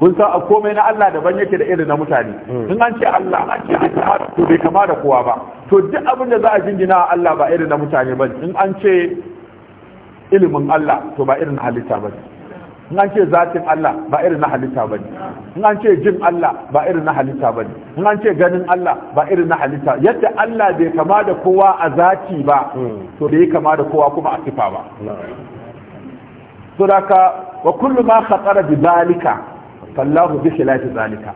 kun san a komai na Allah daban yake da irin na mutane hmm. in an ce Allah an ce Allah to bai kama da kowa ba to duk abin da za a jingina wa Allah ba irin na mutane ba in an ce ilimin Allah to ba irin na halitta ba in an ce zatin Allah ba irin na halitta ba in an ce jin Allah ba irin na halitta ba in an ce ganin Allah ba irin na halitta yadda Allah bai kama da kowa a zati ba hmm. to bai kama da kowa kuma a sifa ba to da ka wa kullu ma khatara bi zalika fallahu bi khilafi zalika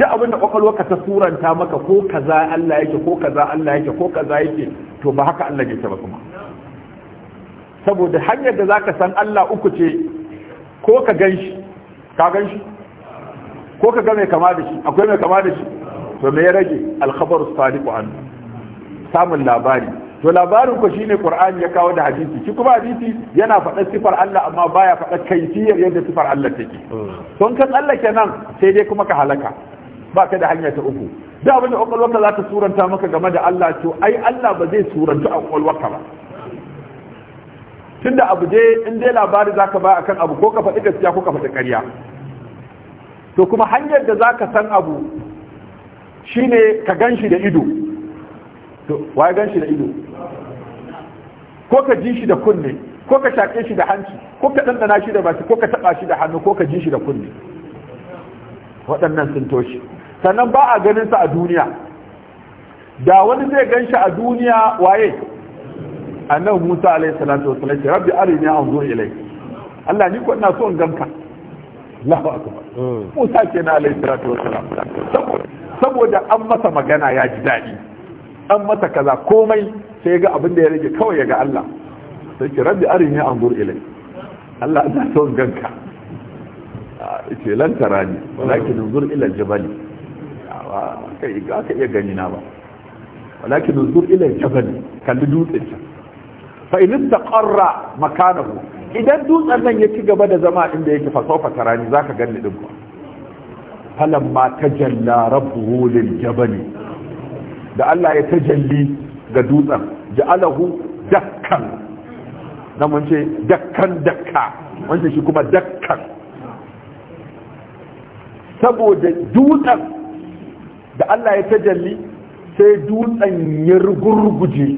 duk abinda kokalwa ka ta suranta maka ko kaza Allah yake ko kaza Allah yake ko kaza yake to ba haka Allah yake ba kuma saboda hanyar da zaka san Allah uku ce ko ka ganshi ka ganshi ko ka ga mai kama da shi akwai mai kama da shi to me ya rage al-khabaru sadiqu an samun labari to labarin ku shine Qur'ani ya kawo da hadisi shi kuma hadisi yana faɗa sifar Allah amma baya faɗa kaifiyar yadda sifar Allah take hmm. don ka tsallake nan sai dai kuma ka halaka ka da hanya ta uku da abin da ƙwaƙwalwarka za ta suranta maka game da Allah to ai Allah ba zai suranta a ƙwaƙwalwarka ba tunda abu je in dai labari zaka ba akan abu ko ka faɗi gaskiya ko ka faɗi ƙarya to kuma hanyar da zaka san abu shine ka ganshi da ido to waye gan shi da ido ko ka ji shi da kunne ko ka shaƙe shi da hanci ko ka ɗanɗana shi da baki ko ka taɓa shi da hannu ko ka ji shi da kunne waɗannan sun toshi sannan ba a ganin sa a duniya da wani zai gan shi a duniya waye annabi Musa alayhi salatu wasallam ya rabbi arini anzur ilai Allah ni ko ina so in ganka Allahu akbar mm. Musa kenan alayhi salatu wasallam saboda an masa magana ya ji daɗi an mata kaza komai sai ga abin da ya rage kawai ya ga Allah sai ki rabbi arini anzur ilai Allah ina son ganka ce lan tarani walakin anzur ila aljabal kai ga ka iya gani na ba walakin anzur ila aljabal kalli dutsen sa fa in istaqarra makanahu idan dutsen nan ya ci gaba da zama inda yake fa sofa tarani zaka ganni din ku falamma tajalla rabbuhu liljabali da Allah ya tajalli ga dutsen ja'alahu dakkan nan mun ce dakkan dakka wanda shi kuma dakkan saboda dutsen da Allah ya tajalli sai dutsen ya rugurguje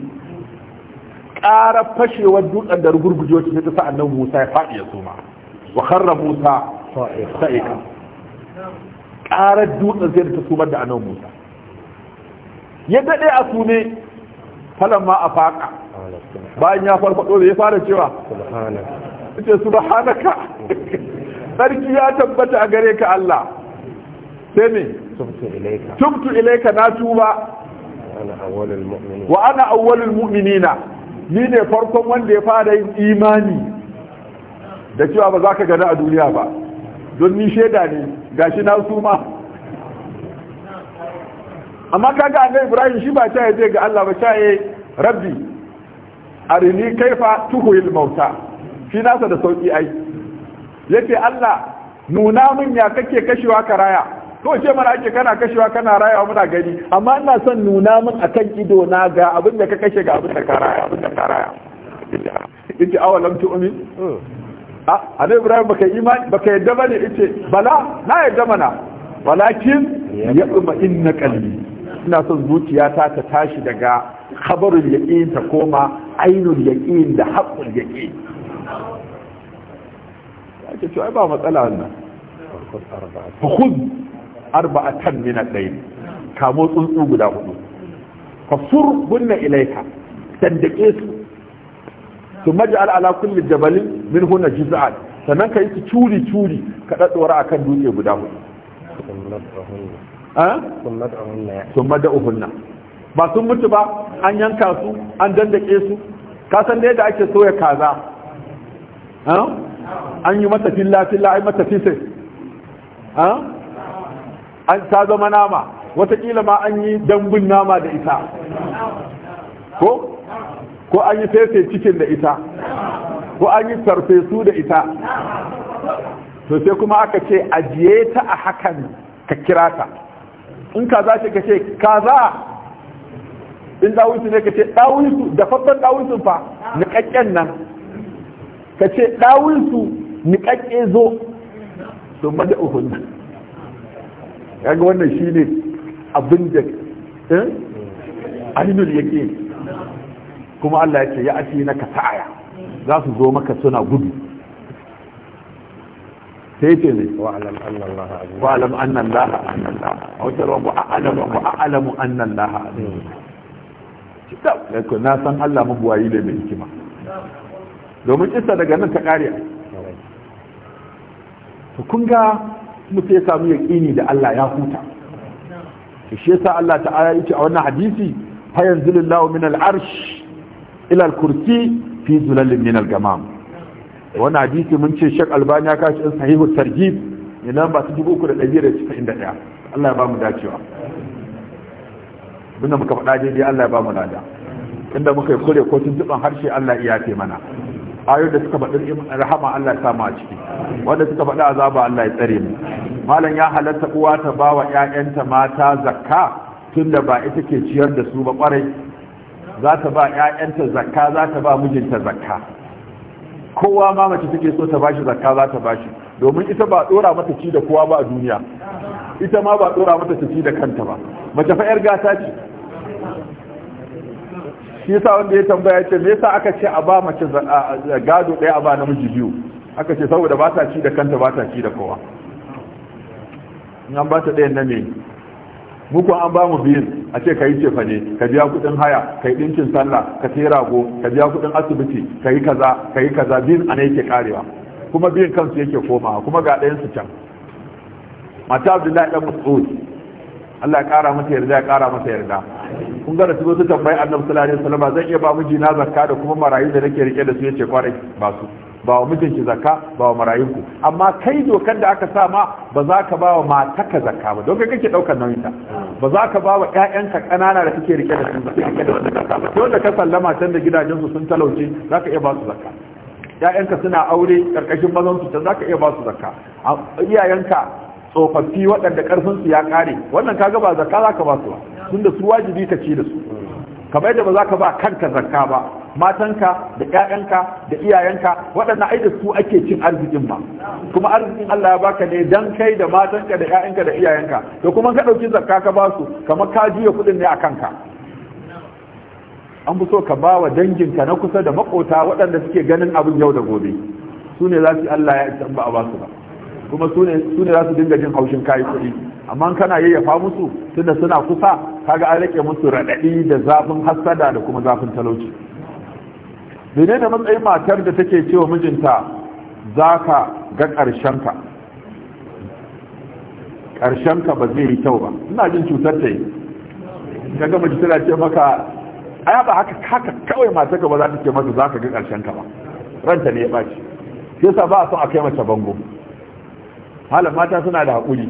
ƙara fashewar dutsen da rugurguje wacce ta sa annabi Musa ya faɗi ya suma wa kharra Musa sa'ika ƙarar dutsen sai da ta sumar da annabi Musa ya dade a sune falamma faka bayan ya farfado ya fara cewa subhanaka subhanaka sarki ya tabbata a gare ka Allah sai ne tubtu ilayka na tuba wa ana awwalul mu'minina ni ne farkon wanda ya fara yin imani da cewa ba za ka gani a duniya ba don ni shaida ne gashi na suma amma kaga annabi ibrahim shi ba ta yaje ga Allah ba ta yayi rabbi arini kaifa tuhil mauta shi nasa da sauki ai yace Allah nuna min ya kake kashewa ka raya to ce mana ake kana kashewa kana rayawa muna gani amma ina son nuna min akan ido na ga abin da ka kashe ga abin da ka raya abin da ka raya yace awalam tu'min a ah, annabi ibrahim baka imani baka yadda bane yace bala na yadda mana walakin ya inna qalbi ina son zuciyata ta tashi daga khabarul yaqin ta koma ainul yaqin da haqqul yaqin ake cewa ai ba matsala wannan fakhud arba'atan min al-layl kamo tsuntsu guda hudu fasur bunna ilayka saddake su su maj'al ala kulli jabalin minhunna juz'an sannan ka yi su curi curi ka daddora akan dutse guda hudu sun mada'uhunna ba sun mutu ba an yanka su an dandake su kasan da yadda ake soya kaza an yi mata filla ai mata an ta zama nama watakila ma an yi dambun nama da ita ko ko an yi fefe cikin da ita ko an yi farfesu da ita Sosai kuma aka ce ajiye ta a hakan ka kira ta in kaza ce ka ce kaza in ɗawinsu ne ka ce ɗawinsu da faffan ɗawinsu fa niƙaƙƙen nan ka ce ɗawinsu niƙaƙƙe zo to mada uhun nan yaga wannan shi ne abin da eh, ainihin yake kuma Allah ya ce ya ake na ka ta'aya. za su zo maka suna gudu sai ce ne wa'alam annan laha wa'alam annan laha a wata ruwan wa'alam wa'alam annan laha ko na san Allah buwayi da mai hikima domin isa daga nan ta kare to kun ga mutum ya samu yaƙini da Allah ya huta to shi yasa Allah aya yake a wannan hadisi fa lawo min al-arsh ila kursi fi zulalin min al-gamam wani hadisi mun ce shek albani ya kashi in sahihu tarjib ne nan ba su dubu uku da ɗari da cikin da ɗaya allah ya ba mu dacewa abinda muka faɗa daidai allah ya ba mu lada inda muka yi kure ko tuntuɓan harshe allah iya ce mana ayoyin da suka faɗi rahama allah ya samu a ciki wanda suka faɗi azaba allah ya tsare mu malam ya halatta uwa ta ba wa 'ya'yanta mata zakka tunda ba ita ke ciyar da su ba kwarai za ta ba 'ya'yanta zakka za ta ba mijinta zakka kowa ma mace take so ta bashi zakka za ta bashi domin ita ba dora mata ci da kowa ba a duniya ita ma ba dora mata ci da kanta ba mace fa yar gata ce shi yasa wanda ya tambaya ce me yasa aka ce a ba mace gado ɗaya a ba namiji biyu aka ce saboda ba ta ci da kanta ba ta ci da kowa in an ba ta ɗayan na me muku an ba mu biyin a ce ka yi cefa ne ka biya kudin haya ka yi ɗinkin sallah ka sai rago ka biya kudin asibiti ka yi kaza ka yi kaza biyin ana yake karewa kuma biyin kansu yake komawa kuma ga ɗayan su can mata abdullahi ɗan mas'ud Allah ya kara masa yarda ya kara masa yarda kun ga da su su tambayi annabi sallallahu alaihi wasallam zan iya ba miji na zakka da kuma marayu da nake rike da su yace kwarai ba su ba wa mijinki zakka ba wa marayinku amma kai dokar da aka sa ma ba za ka ba wa mataka zakka ba don kake daukar ta ba za ka ba wa ƴaƴanka ƙanana da kake rike da su ba kake da zakka ba ka sallama can da gidajen su sun talauce za ka iya ba su zakka ƴaƴanka suna aure karkashin mazan su can za ka iya ba su zakka iyayenka tsofaffi waɗanda ƙarfin su ya ƙare wannan kaga ba zakka za ka ba su ba tunda su wajibi ka ci da su kamar yadda ba za ka ba kanka zakka ba matanka da ƴaƴanka da iyayenka waɗannan ai da su ake cin arzikin ba. kuma arzikin Allah ya baka ne dan kai da matanka da ƴaƴanka da iyayenka to kuma ka ɗauki zakka ka ba su kamar ka juya kuɗin ne a kanka an fi so ka ba wa danginka na kusa da makota waɗanda suke ganin abin yau da gobe su ne za su Allah ya isa ba a ba su ba kuma su ne za su dinga jin haushin kayi kuɗi amma kana yayyafa musu tunda suna kusa kaga an rike musu raɗaɗi da zafin hassada da kuma zafin talauci dane da matsayin matar da take cewa mijinta za ka ga ƙarshenka ƙarshenka ba zai yi kyau ba ina jin cutar ta yi ta gama ji tana ce maka ai ba haka haka kawai matar ka ba za ta ce maka za ka ga ƙarshenka ba ranta ne ya ɓaci sa ba a son a kai mace bango malam mata suna da haƙuri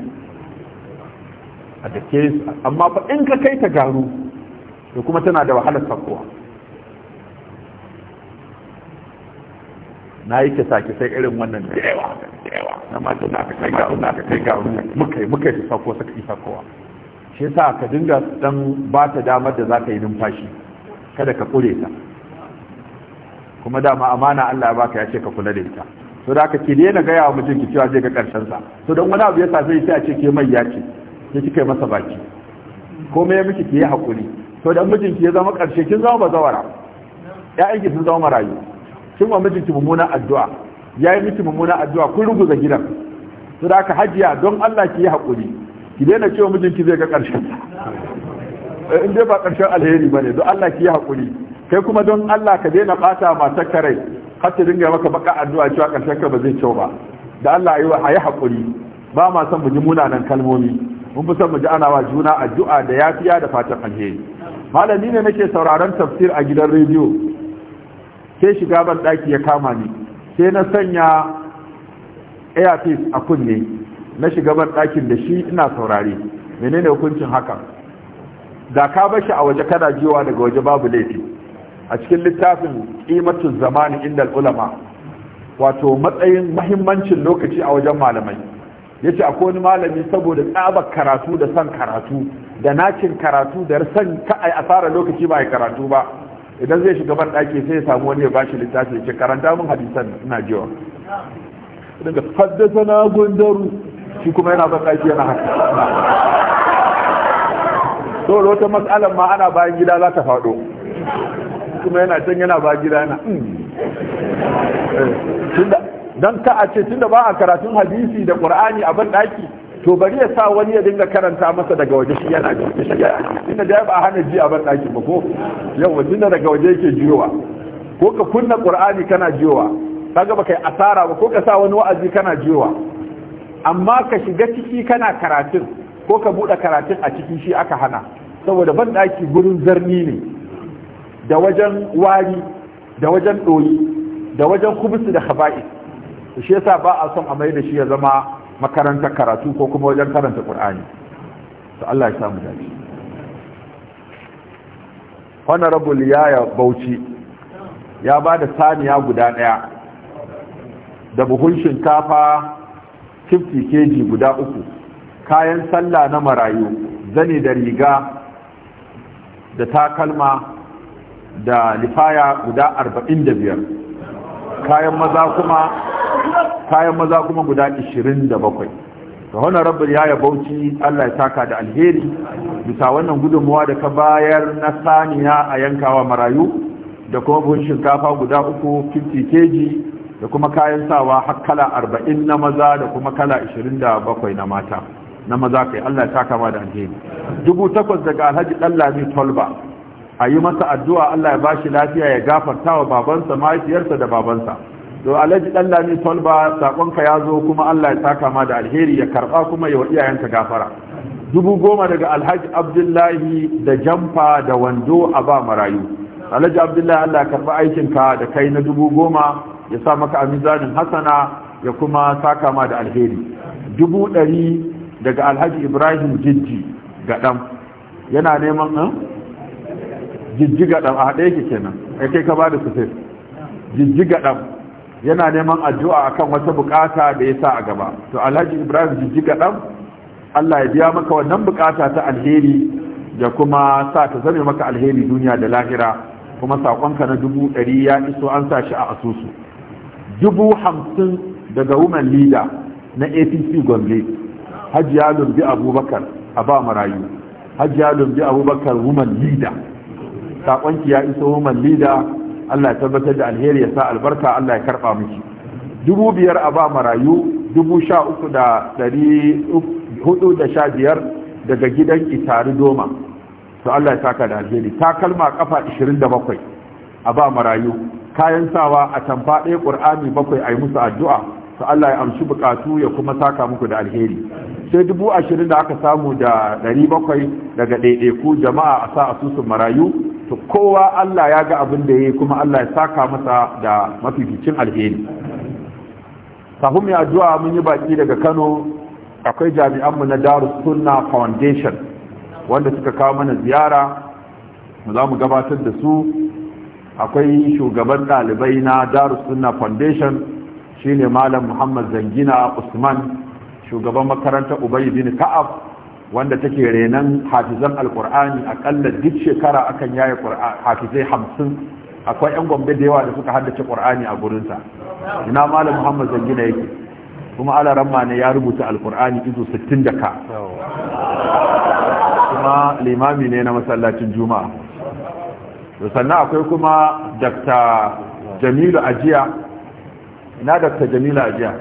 a da ke amma fa in ka kai ta garu da kuma tana da wahalar sakowa na yi kisa-kisai irin wannan da yawa na mata na ka kai garu na ka kai garu muka yi muka yi sako, suka yi sakowa shi sa ka dinga dan ba ta damar da za ka yi numfashi kada ka kure ta kuma dama amana Allah ya baka ya ce ka kula da ita to da aka ne daina gaya wa mutum ki cewa zai ga karshen sa to don wani abu ya sace sai a ce ke mai ya ce ya kika masa baki komai ya miki ke hakuri to dan mutum ki ya zama karshe kin zama bazawara Ya aiki sun zama marayu kin wa mutum ki mummunan addu'a yayi miki mummunan addu'a kun ruguza gidan to da aka hajiya don Allah ki yi hakuri ki daina cewa mijin ki zai ga karshen sa eh, in dai ba karshen alheri bane don Allah ki yi hakuri kai kuma don Allah ka daina bata matar karai har ta dinga maka baka addu'a cewa karshen ka ba zai ciwo ba da Allah yi wa ayi hakuri ba ma san mu ji munanan kalmomi mun fi san mu ji ana wa juna addu'a da yafiya da fatan alheri malami ne nake sauraron tafsir a gidan rediyo sai shiga ban daki ya kama ni sai na sanya earpiece a kunne na shiga ban dakin da shi ina saurare menene hukuncin hakan da ka bashi a waje kana jiwa daga waje babu laifi a cikin littafin qimatu zamani inda ulama wato matsayin mahimmancin lokaci a wajen malamai yace akwai wani malami saboda tsabar karatu da san karatu da nakin karatu da san ka ai fara lokaci ba karatu ba idan zai shiga ban sai ya samu wani ya bashi littafi ya ce karanta mun hadisan ina jiwa daga haddasa na gundaru shi kuma yana ban ɗaki yana haka saboda wata matsalar ma ana bayan gida za ta faɗo kuma yana can yana ba gida na don ka a ce tunda ba a karatun hadisi da ƙur'ani a banɗaki, to bari ya sa wani ya dinga karanta masa daga waje shi yana ji shi inda da ba hana ji a ban ba ko yawa tunda daga waje yake jiyowa ko ka kunna ƙur'ani kana jiyowa kaga baka yi asara ba ko ka sa wani wa'azi kana jiyowa amma ka shiga ciki kana karatun ko ka buɗe karatun a ciki shi aka hana saboda banɗaki gurin zarni ne da wajen wari da wajen ɗoyi da wajen kubusu da haba'i shi yasa ba a son a mai da shi ya zama makarantar karatu ko kuma wajen karanta ƙur'ani to Allah ya samu dace honorable ya bauchi ya ba da saniya guda ɗaya da buhun shinkafa 50 kg guda uku kayan sallah na marayu zane da riga da takalma da lifaya guda 45 kayan maza kuma kayan maza kuma guda 27 ga wannan rabbul ya bauchi Allah ya taka da alheri bisa wannan gudunmuwa da ka bayar na saniya a yankawa marayu da kuma buhun shinkafa guda uku 50 kg da kuma kayan sawa har kala 40 na maza da kuma kala 27 na mata na maza kai Allah ya taka ma da alheri takwas daga Alhaji Dallami Tolba a yi masa addu'a Allah ya bashi lafiya ya gafarta wa babansa mahaifiyarsa da babansa to alhaji dan lami tolba sakonka ya zo kuma Allah ya saka ma da alheri ya karba kuma ya wa iyayenka gafara dubu goma daga alhaji abdullahi da jamfa da wando a ba marayu alhaji abdullahi Allah ya karba aikinka da kai na dubu goma ya sa maka a hasana ya kuma saka ma da alheri dubu ɗari daga alhaji ibrahim jijji ga ɗan yana neman ɗan eh? jijjiga ɗan a haɗe yake kenan ya kai ka ba da su fes. jijjiga ɗan yana neman addu'a akan wata bukata da ya sa a gaba to alhaji ibrahim jijjiga ɗan allah ya biya maka wannan bukata ta alheri da kuma sa ta zame maka alheri duniya da lahira kuma saƙonka na dubu ɗari ya iso an sa shi a asusu dubu hamsin daga wuman leader na apc gombe hajiya lumbi abubakar a ba marayu hajiya lumbi abubakar woman leader sakonki ya iso lida Allah ya tabbatar da alheri ya sa albarka Allah ya karba miki dubu biyar a ba marayu dubu sha uku da dari hudu da sha biyar daga gidan itari doma to Allah ya saka da alheri takalma kafa 27 a ba marayu kayan sawa a tamfa ɗaya ƙur'ani bakwai a yi musu addu'a to Allah ya amshi bukatu ya kuma saka muku da alheri sai dubu ashirin da aka samu da ɗari bakwai daga ɗaiɗaiku jama'a a sa asusun marayu to kowa Allah ya ga abin da ya yi kuma Allah ya saka masa da mafificin alheri kafin mai addu'a mun yi baki daga Kano akwai jami'anmu na Darus Sunna Foundation wanda suka kawo mana ziyara mu za mu gabatar da su akwai shugaban ɗalibai na Darus Sunna Foundation shine Malam Muhammad Zangina Usman shugaban makarantar Ubay bin Ka'ab wanda take renan hafizan alkur'ani akalla duk shekara akan yaya hafizai hamsin akwai 'yan gombe da yawa da suka haddace ƙur'ani a gurinsa ina malam muhammad zangina yake kuma ramma ne ya rubuta alkur'ani izu 60 da ka kuma limami ne na masallacin juma'a sannan akwai kuma dr jamilu ajiya ina dr jamilu ajiya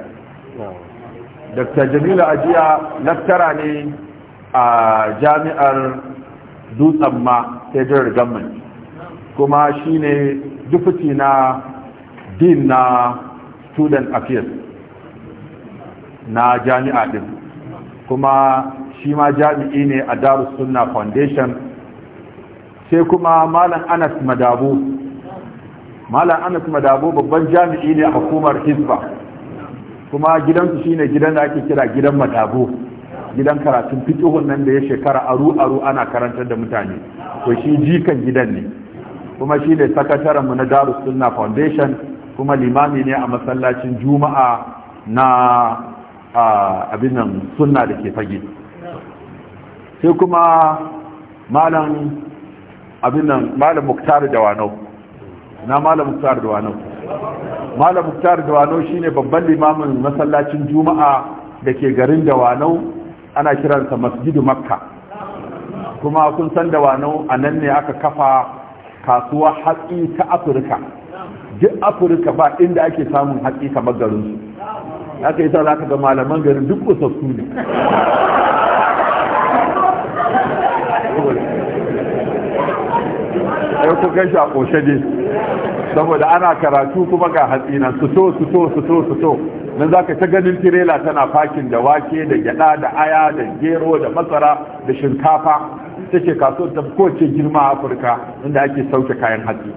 dr jamilu ajiya laktara ne a jami'ar dutsen ma jirar gamman kuma shi ne dufuti na din na student affairs na jami'a din kuma shi ma jami'i ne a darus sunna foundation sai kuma malam anas madabu malam anas madabu babban jami'i ne a hukumar hisba kuma gidansu ne gidan da ake kira gidan madabu gidan karatun fiqhun nan da ya shekara aru aru ana karantar da mutane to shi jikan gidan ne kuma shi ne sakataren mu na Darus Sunna Foundation kuma limami ne a masallacin Juma'a na abin nan sunna da ke fage sai kuma malam abin nan malam Muktar dawano na malam Muktar dawano malam Muktar Dawanau shine babban limamin masallacin Juma'a da ke garin dawano ana kiransa masjidu makka kuma kun san da wano a nan ne aka kafa kasuwa hatsi ta afirka duk afirka ba inda ake samun hatsi kamar garinsu aka yi za ga malaman garin duk kusassu ne ai ku kai shi a koshe ne saboda ana karatu kuma ga hatsi nan su to su to su to su to nan zaka ta ganin tirela tana fakin da wake da gyada da aya da gero da masara da shinkafa take kaso ta kowace girma a Afirka inda ake sauke kayan hatsi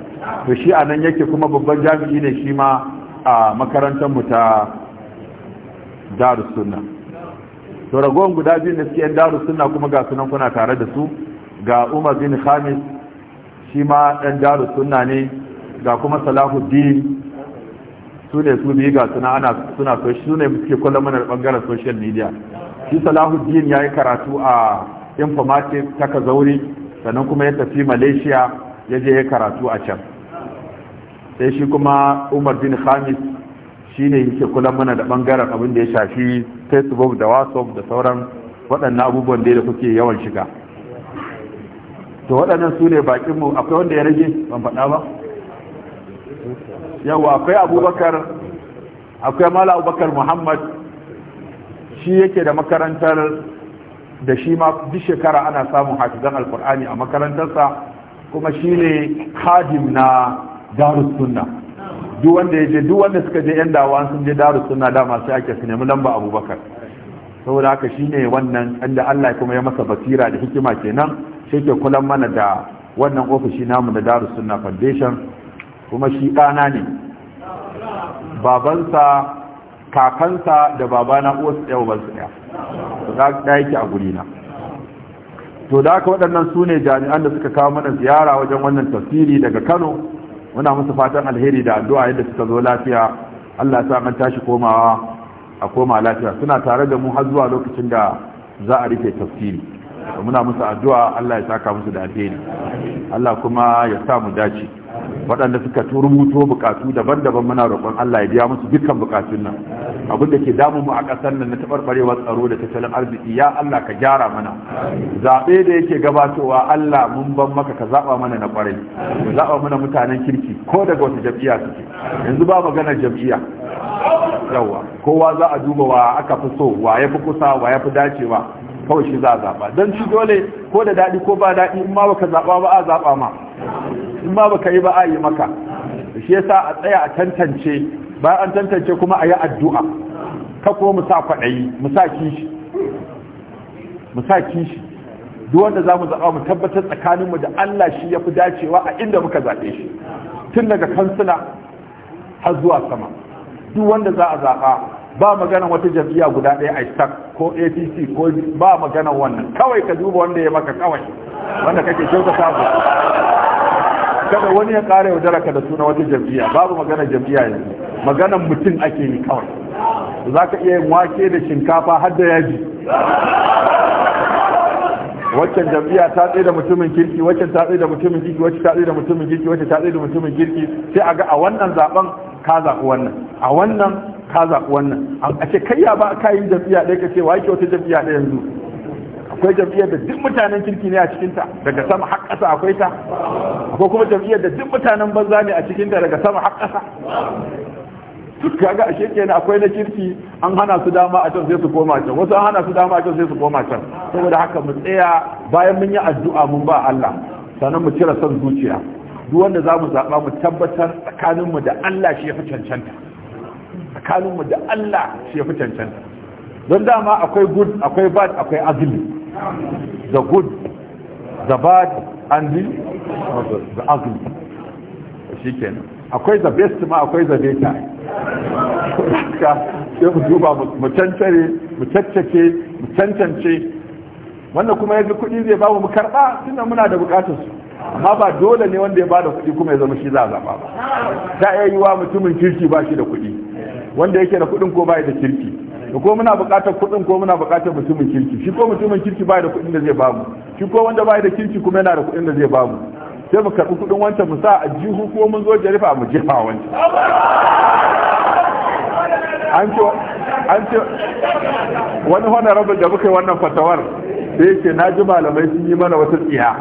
to shi anan yake kuma babban jami'i ne shi ma a makarantarmu ta darussuna to ragon guda biyu da suke yan Darus kuma ga sunan kuna tare da su ga Umar bin Khamis shi ma ɗan jaru suna ne ga kuma salahuddin su ne su biyu ga suna ana suna so su ne muke kula mana ɓangaren social media shi salahuddin ya yi karatu a informatics ta kazauri sannan kuma ya tafi malaysia ya je ya karatu a can sai shi kuma umar bin khamis shi ne yake kula mana da ɓangaren abin da ya shafi facebook da whatsapp da sauran waɗannan abubuwan da kuke yawan shiga to waɗannan su ne bakinmu akwai wanda ya rage ban faɗa ba yawa akwai abubakar akwai mala abubakar muhammad shi yake da makarantar da shi ma duk shekara ana samun hafizan alkur'ani a makarantarsa kuma shi ne hadim na darus sunna duk wanda ya je duk wanda suka je yan dawa sun je darus sunna dama sai ake su nemi lamba abubakar saboda haka shi ne wannan inda allah kuma ya masa basira da hikima kenan sai ke kulan mana da wannan ofishi namu da daru sunna foundation kuma shi ɗana ne babansa kakansa da babana uwarsu ɗaya ubansu ɗaya ɗaya yake a guri to da aka waɗannan sune jami'an da suka kawo mana ziyara wajen wannan tafsiri daga kano muna musu fatan alheri da addu'a yadda suka zo lafiya allah sa an tashi komawa a koma lafiya suna tare da mu har zuwa lokacin da za a rufe tafsiri muna musu addu'a Allah ya saka musu da alheri Allah kuma ya sa mu dace waɗanda suka rubuto bukatu daban-daban muna roƙon Allah ya biya musu dukkan bukatun nan abin da ke damu mu a ƙasar nan na taɓarɓarewar tsaro da tattalin arziki ya Allah ka gyara mana zaɓe da yake gabatowa Allah mun ban maka ka zaɓa mana na ƙwarai zaɓa mana mutanen kirki ko daga wata jam'iyya suke yanzu ba maganar jam'iyya yawa kowa za a duba wa aka fi so wa ya fi kusa wa ya fi dacewa kawai shi za a zaɓa don shi dole ko da daɗi ko ba daɗi in ma baka zaɓa ba a zaɓa ma in ma baka yi ba a yi maka shi yasa a tsaya a tantance bayan an tantance kuma a yi addu'a ka ko mu sa kwaɗayi mu sa kishi mu sa kishi duk wanda za mu zaɓa mu tabbatar tsakaninmu da Allah shi ya fi dacewa a inda muka zaɓe shi tun daga kansila har zuwa sama duk wanda za a zaɓa ba magana wata jam'iyya guda ɗaya a stack ko apc ko ba magana wannan kawai ka duba wanda ya maka kawai wanda kake kyauta samu kada wani ya ƙara daraka da suna wata jam'iyya babu magana jam'iyya yanzu magana mutum ake ni kawai za ka iya yin wake da shinkafa har da yaji waccan jam'iyya ta tsaye da mutumin kirki waccan ta tsaye da mutumin kirki wacce ta tsaye da mutumin kirki wacce ta tsaye da mutumin kirki sai a ga a wannan zaben ka zaɓi wannan a wannan ka zaɓi wannan a ce kai ya ba ka yi jam'iyya ɗaya ka ce wa yake wata jam'iyya ɗaya yanzu akwai jam'iyyar da duk mutanen kirki ne a cikinta daga sama har ƙasa akwai ta akwai kuma jam'iyyar da duk mutanen banza ne a cikinta daga sama har ƙasa duk kaga ashe kenan akwai na kirki an hana su dama a can sai su koma can wasu an hana su dama a can sai su koma can saboda haka mu tsaya bayan mun yi addu'a mun ba Allah sannan mu cire son zuciya duk wanda za mu zaɓa mu tabbatar tsakaninmu da Allah shi ya fi cancanta tsakaninmu da Allah shi ya fi cancanta don dama akwai good akwai bad akwai ugly the good the bad and the, the ugly shi kenan akwai the best ma akwai the beta ka sai mu duba mu cancare mu caccake mu cancance wannan kuma yanzu kuɗi zai ba mu karɓa tunan muna da bukatun su amma ba dole ne wanda ya bada kuɗi kuma ya zama shi za a zaɓa ba ta iya wa mutumin kirki ba shi da kuɗi wanda yake da kuɗin ko bai da kirki ko muna buƙatar kuɗin ko muna buƙatar mutumin kirki shi ko mutumin kirki bai da kuɗin da zai bamu shi ko wanda bai da kirki kuma yana da kuɗin da zai bamu sai mu karɓi kuɗin wancan mu sa a jihu ko mun zo jarifa mu jefa wancan an ce an ce wani honorable da muka yi wannan fatawar da yake na ji malamai sun yi mana wata tsiya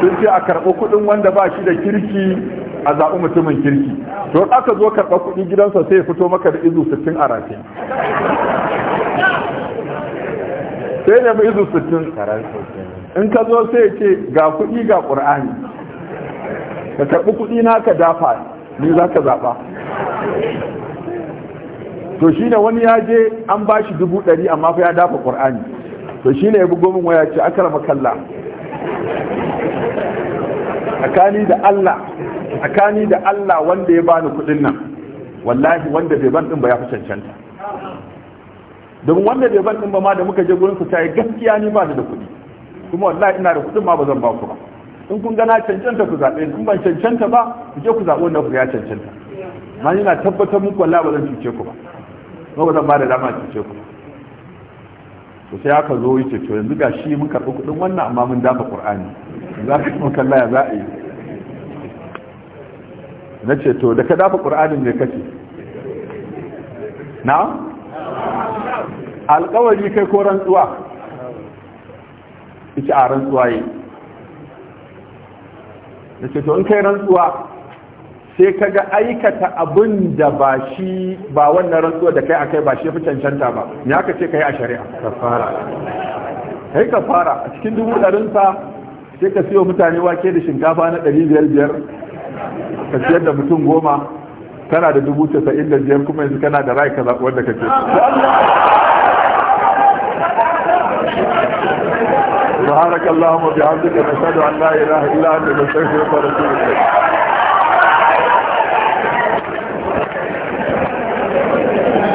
sun ce a karɓi kuɗin wanda ba shi da kirki a zaɓi mutumin kirki to aka zo karɓar kuɗi gidansa sai ya fito maka da izu sittin a rafi sai ya mai izu sittin in ka zo sai ce ga kuɗi ga ƙur'ani ka karɓi kuɗi na ka dafa ni za ka zaɓa to shi ne wani ya je an ba shi dubu ɗari amma fa ya dafa ƙur'ani to shi ne ya bugo min waya ce akar kalla, tsakani da Allah tsakani da Allah wanda ya bani kudin nan wallahi wanda bai ban din ba ya fi cancanta don wanda bai ban din ba ma da muka je gurin su ta yi gaskiya ni ba da kuɗi kuma wallahi ina da kuɗin ma ba zan ba ku ba in kun gana cancanta ku zaɓe in ban cancanta ba ku je ku zabo wanda ku ya cancanta ma ina tabbatar muku wallahi ba zan cuce ku ba ba ba zan ba da dama cuce ku ba to sai aka zo yace to yanzu ga shi mun karɓi kuɗin wannan amma mun dafa qur'ani za ka kuma kallaya za a yi na ce to da ka dafa ƙur'anin ne kake na alƙawari kai ko rantsuwa ita a rantsuwa yi na ce to in kai rantsuwa sai ka ga aikata abin da ba shi ba wannan rantsuwa da kai a kai ba shi fi cancanta ba ya ka ce ka yi a shari'a Ka fara. kai ka fara. a cikin dubu ɗarinsa sai ka siyo mutane wake da shinkafa na ɗari ka ciyar da mutum goma kana da dubu casa'in da biyar kuma yanzu kana da rai ka zaɓi wanda ka ce سبحانك اللهم وبحمدك نشهد ان لا اله الا انت نستغفرك ونتوب اليك